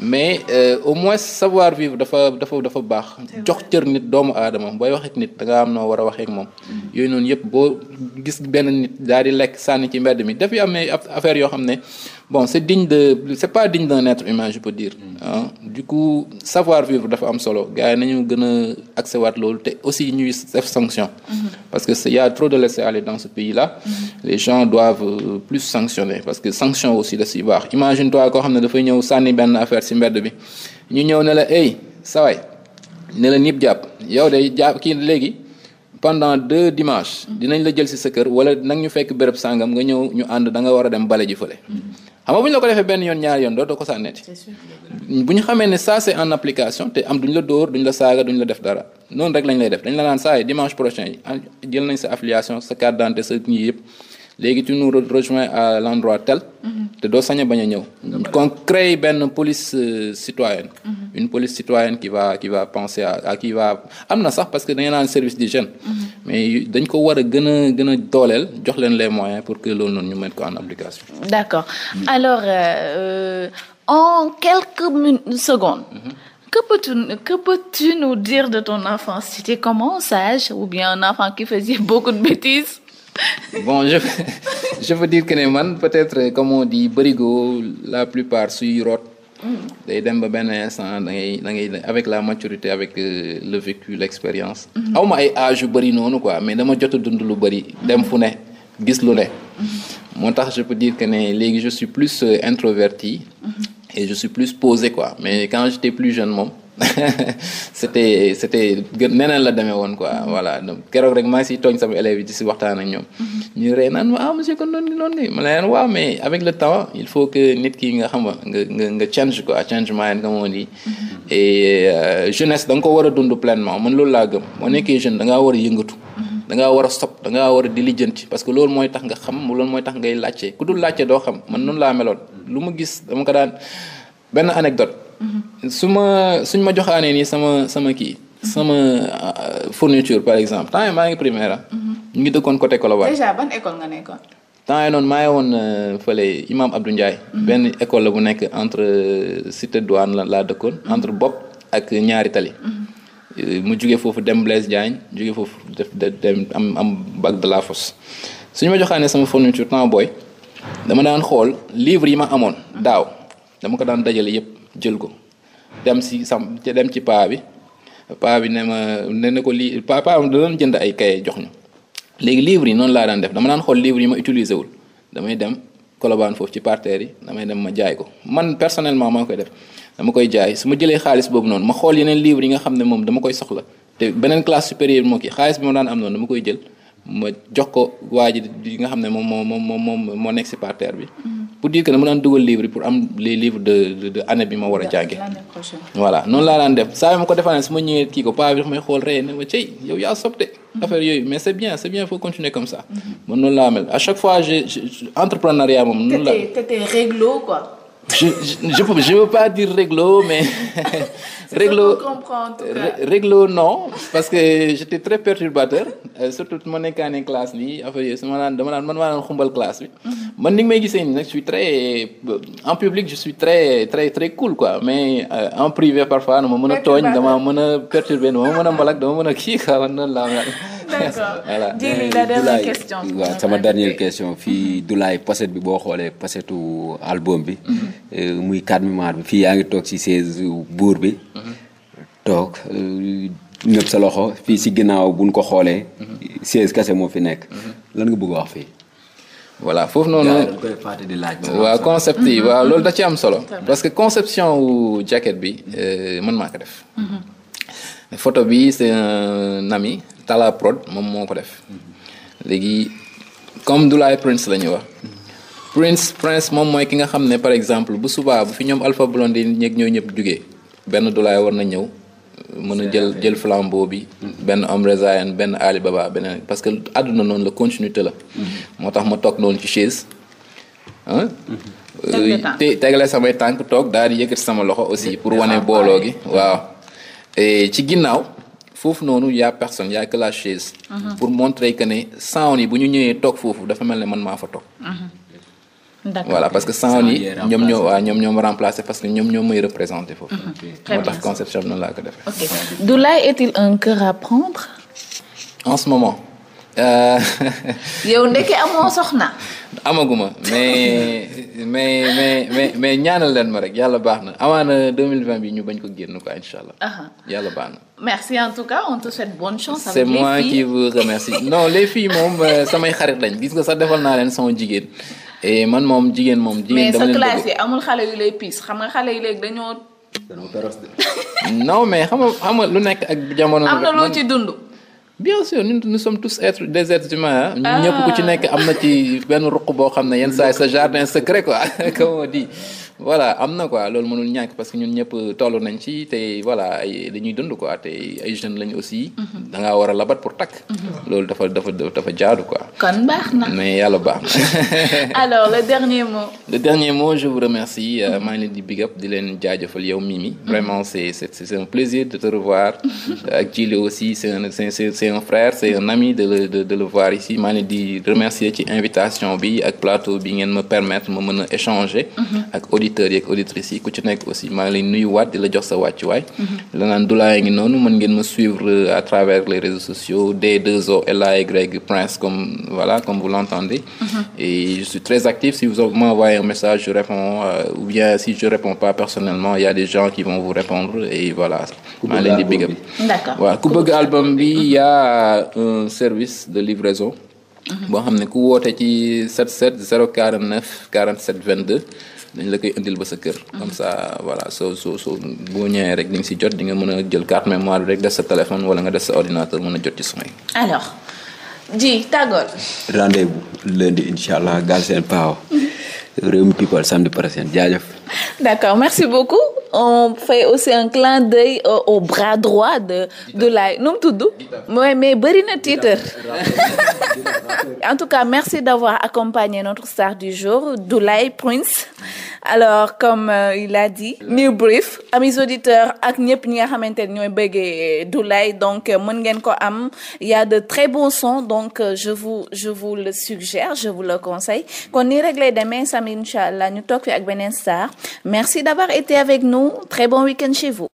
[SPEAKER 3] mais euh, au moins savoir vivre dafa dafa dafa baax. jox cër nit doomu aadama booy wax ak nit da ngaa am noo war a waxeek moom. Mm-hmm. yooyu noonu yëpp boo gis benn nit daal di lekk sànni ci mbedd mi dafay am ay yoo xam ne bon c' est de c' est pas digne d'un être humain je peux dire. Mm-hmm. ah dafa am solo gars yi nañu gën a accès loolu te aussi ñuy def sanction. Mm-hmm. parce que il y a trop de laisser aller dans ce pays là. les gens doivent euh, plus sanctionner parce que sanction aussi da si baax imagine toi koo xam ne dafay ñëw sànni benn affaire. ci mbedd bi ñu ñëw ne la ay saway ne la nip jàpp yow de jàpp kii léegi pendant deux dimanches dinañ la jël si sa kër wala nag ñu fekk béréb sàngam nga ñëw ñu ànd da nga war a dem bale ji fële
[SPEAKER 2] xam
[SPEAKER 3] nga bu ñu la ko defee benn yoon ñaari yoon doo doo ko sànneeti bu ñu xamee ne ça c'est en application te am duñ la dóor duñ la saaga duñ la def dara noonu rek lañ lay def dañ la naan saa yi dimanche prochain yi jël nañ sa affiliation sa carte d'identité sa ñii yëpp léegi tu nous rejoins à l'endroit tel mm-hmm. te doo sañ a bañ a ñëw créer benn police euh, citoyenne mm-hmm. une police citoyenne qui va penser à na sax parce que da ngeen naan service des jeunes mm-hmm. mais dañ ko war a gën a gën a dooleel jox leen les moyens pour que loolu noonu ñu mettre ko en application
[SPEAKER 1] d'accord alors euh, euh, en quelques secondes Que peux-tu, que peux-tu nous dire de ton enfance? C'était comment ou bien un enfant qui faisait beaucoup de bêtises?
[SPEAKER 3] bon je je veux dire que ne man peut-être comme on di bërigo la plupart suy root. day dem ba benn instant da ngay da ngay avec la maturité avec euh, le vécu l'expérience. Mm-hmm. aw ma ay âge yu bëri noonu quoi mais dama jot a dund lu bëri. dem fu ne gis lu ne. Mm-hmm. moo tax je peux dire que ne léegi je suis plus euh, introverti. Mm-hmm. et je suis plus posé quoi mais quand j'étais plus jeune moom. c'était c'était gën neneen la demee woon quoi voilà donc keroog rek maa ngi siy tooñ sama élèves yi di si waxtaan ak ñoom. Mhm. ñu ree naan waaw
[SPEAKER 4] monsieur kon noonu noonu ngay ma
[SPEAKER 3] leen waaw mais avec le temps il faut que nit ki nga xam nga nga nga change quoi changement yi mhm. euh, nga moo di. et jeunesse ko war a dund pleinement man loolu laa gëm boo nekkee jeune da ngaa war a yëngatu. Mhm. da ngaa war a stop da war a di lijjanti parce que loolu mooy tax nga xam loolu mooy tax ngay laajte ku dul laajte doo xam man noonu laa meloon lu ma gis dama ko daan benn anecdote su ma suñ ma joxaanee nii sama sama kii. sama euh, fourniture par exemple temps yii maa ngi primaire ah. ñu ngi dëkkoon côté Colobane. déjà
[SPEAKER 1] ban école nga nekkoon.
[SPEAKER 3] temps yii noonu maa ngi woon euh, fële Imam Abdou Ndiaye. Mhm. benn école la bu nekk entre euh, cité douane la laa dëkkoon. Mhm. entre bopp ak ñaari tali. Mhm. mu jugee foofu dem Blaise Diagne jugee foofu def dem am am bac de la fosse suñu ma joxaanee sama fourniture temps booy dama daan xool livre yi ma amoon daaw dama ko daan dajale yëpp. jël ko dem si sam dem ci paa bi paa bi ne ma ne na ko li paa paa da doon jënd ay kaye jox na léegi livre yi noonu laa daan def dama daan xool livre yi ma utiliser wul damay dem kolobaan foofu ci parterre yi damay dem ma jaay ko man personnellement maa koy def dama koy jaay su ma jëlee xaalis boobu noonu ma xool yeneen livre yi nga xam ne moom dama koy soxla te beneen classe supérieure moo kii xaalis bi ma daan am noonu dama koy jël ma jox ko waa ji di nga xam ne moom moo moom moom moo nekk si parterre bi. pour dire que ne mu daan dugal livre pour am les livres de de année bi ma war a jànge voilà noonu laa daan def saa yi ma ko defaa ne su ma ñëwee kii ko paa bi daf may xool rey ne ma cey yow yaa sobte mm-hmm. affaire yooyu mais c' est bien c' est bien faut continuer comme ça. Mm-hmm. man noonu laa mel à chaque fois j'ai entrepreneuriat moom. noonu la te
[SPEAKER 1] te te réglo quoi.
[SPEAKER 3] je je je peux je veux pas dire réglo mais. réglo réglo non parce que j'étais très perturbateur euh, surtout ma nekkaanee classe nii affaire su ma naan dama naan man maa naan xumbal classe bi mhm. man ni nga may gisee nii nag je suis très en public je suis très très très cool quoi mais euh, en privé parfois dama mën a tooñ dama mën a perturber dama mën a mbalak dama mën a kii quoi noonu laa
[SPEAKER 4] d'accord
[SPEAKER 2] voilà question. sama dernière question fii Doulaye pochette bi boo xoolee pochette album bi. Mhm. muy 4 mémoire bi fii yaa ngi toog ci chaise buur bi. Mhm. toog ñëpp euh, sa loxo fii si ginnaaw buñ ko xoolee. chaise mhm. kese moo fi nekk. lan nga bëgg wax fii. voilà foofu noonu waaw concept yi waaw loolu da ci am solo parce que conception
[SPEAKER 3] wu jacket bi euh, man maa ko def photo bi c'est un Talla Prod moom moo ko def léegi comme Doolay Prince la ñuy wax Prince Prince moom mooy ki nga xam ne par exemple bu subaa bu fi ñoom Alpha Blondy ñeeg ñoo ñëpp jugee benn Doolay war na ñëw mën a jël jël flambeau bi mm-hmm. benn Omreza Yane benn Ali Baba beneen parce que àdduna noonu la continuité la
[SPEAKER 4] mm-hmm.
[SPEAKER 3] moo tax ma toog noonu ci chaise ah te tegale samay tànk toog daal di yëkkati sama loxo aussi pour wane booloo gi waaw ci ginnaaw foofu noonu y' a personne y' a que la chaise. Mhm. pour montrer que ne sound yi bu ñu ñëwee toog foofu dafa mel ne man maa fa toog.
[SPEAKER 1] Mhm. voilà parce que sound yi ñoom ñoo
[SPEAKER 3] ñoom ñoo ma remplacé parce que ñoom ñoo may représenté foofu. Mhm. moo noonu laa ko defee. ok
[SPEAKER 1] Doolay est un cœur à
[SPEAKER 3] en ce moment. Euh,
[SPEAKER 1] yow ndeke amoo soxna.
[SPEAKER 3] amaguma mais mais mais mais ñaanal leen ma rek yàlla baax na amaana 2020 bi ñu bañ ko génn ko incha allah. yàlla baax na.
[SPEAKER 1] merci en tout cas on bonne chance. avec les filles c'est moi qui
[SPEAKER 3] vous moom euh, samay xarit lañ gis nga sax defal naa leen sama jigéen. man moom jigéen moom. jigéen dama leen mais sa classe yi
[SPEAKER 1] amul xale yu lay piis xam nga xale yi léegi dañoo.
[SPEAKER 3] dañoo mais xam xam lu nekk ak jamono. na loo ci dund. bien sûr nous, nous sommes tous êtres des êtres humains ñëpp ku ci ah. nekk am na ci benn ruq boo xam ne yenn saa sa jardin secret quoi comme on dit voilà am na quoi loolu mënul ñàkk parce que ñun ñëpp toll nañ ci te voilà ay dañuy dund quoi te ay jeunes lañ aussi. Mhm. da ngaa war a labat pour takk. Mhm. loolu dafa dafa dafa jaadu quoi.
[SPEAKER 1] kon baax na
[SPEAKER 3] mais yàlla baax na.
[SPEAKER 1] alors le dernier mot.
[SPEAKER 3] le dernier mot je vous remercie euh, maa leen di big up di leen jaajëfal yow Mimi. Mhm. vraiment c'est c'est c'est un plaisir de te revoir. ak Jili aussi c'est un frère c'est un ami de le de de le voir ici maa leen di remercier ci invitation bi ak plateau bi ngeen ma permettre ma mën a échanger auditeurs yeeg auditrices yi ku ci nekk aussi maa ngi lay nuyuwaat di la jox sa wàccuwaay. Mhm. la naan Doula ngi noonu mën ngeen ma suivre euh, à travers les réseaux sociaux D2O LAY Prince comme voilà comme vous l'entendez. Mhm. et je suis très actif si vous m'envoyez un message je réponds euh, ou bien si je réponds pas personnellement il a des gens qui vont vous répondre et voilà. maa leen di big ku bëgg album bi il a euh, un service de livraison. Mhm. boo xam ne ku woote ci 77 049 47 22. dañ la koy indil ba sa kër. comme ça voilà soo so soo boo ñëwee rek di nga si jot di nga mën a jël carte mémoire bi rek def sa téléphone wala nga def sa
[SPEAKER 2] ordinateur mën a jot ci son yi.
[SPEAKER 1] alors ji tàggool.
[SPEAKER 2] rendez-vous lundi incha allah Galsen Paw. Rewmi People samedi prochain jaajëf.
[SPEAKER 1] d'accord merci beaucoup on fait aussi un clin d'œil au, euh, au bras droit de de Laye nu mu mais bëri na titre en tout cas merci d'avoir accompagné notre star du jour Doolay Prince alors comme euh, il a dit new brief amis auditeurs ak ñëpp ñi nga xamante ne ñooy bëggee Doolay donc euh, mën ngeen ko am il a de très bons son donc euh, je vous je le suggère je vous le conseille kon nii rek lay incha allah ñu toog fi ak beneen star merci d'avoir été avec nous très bon week-end chez vous.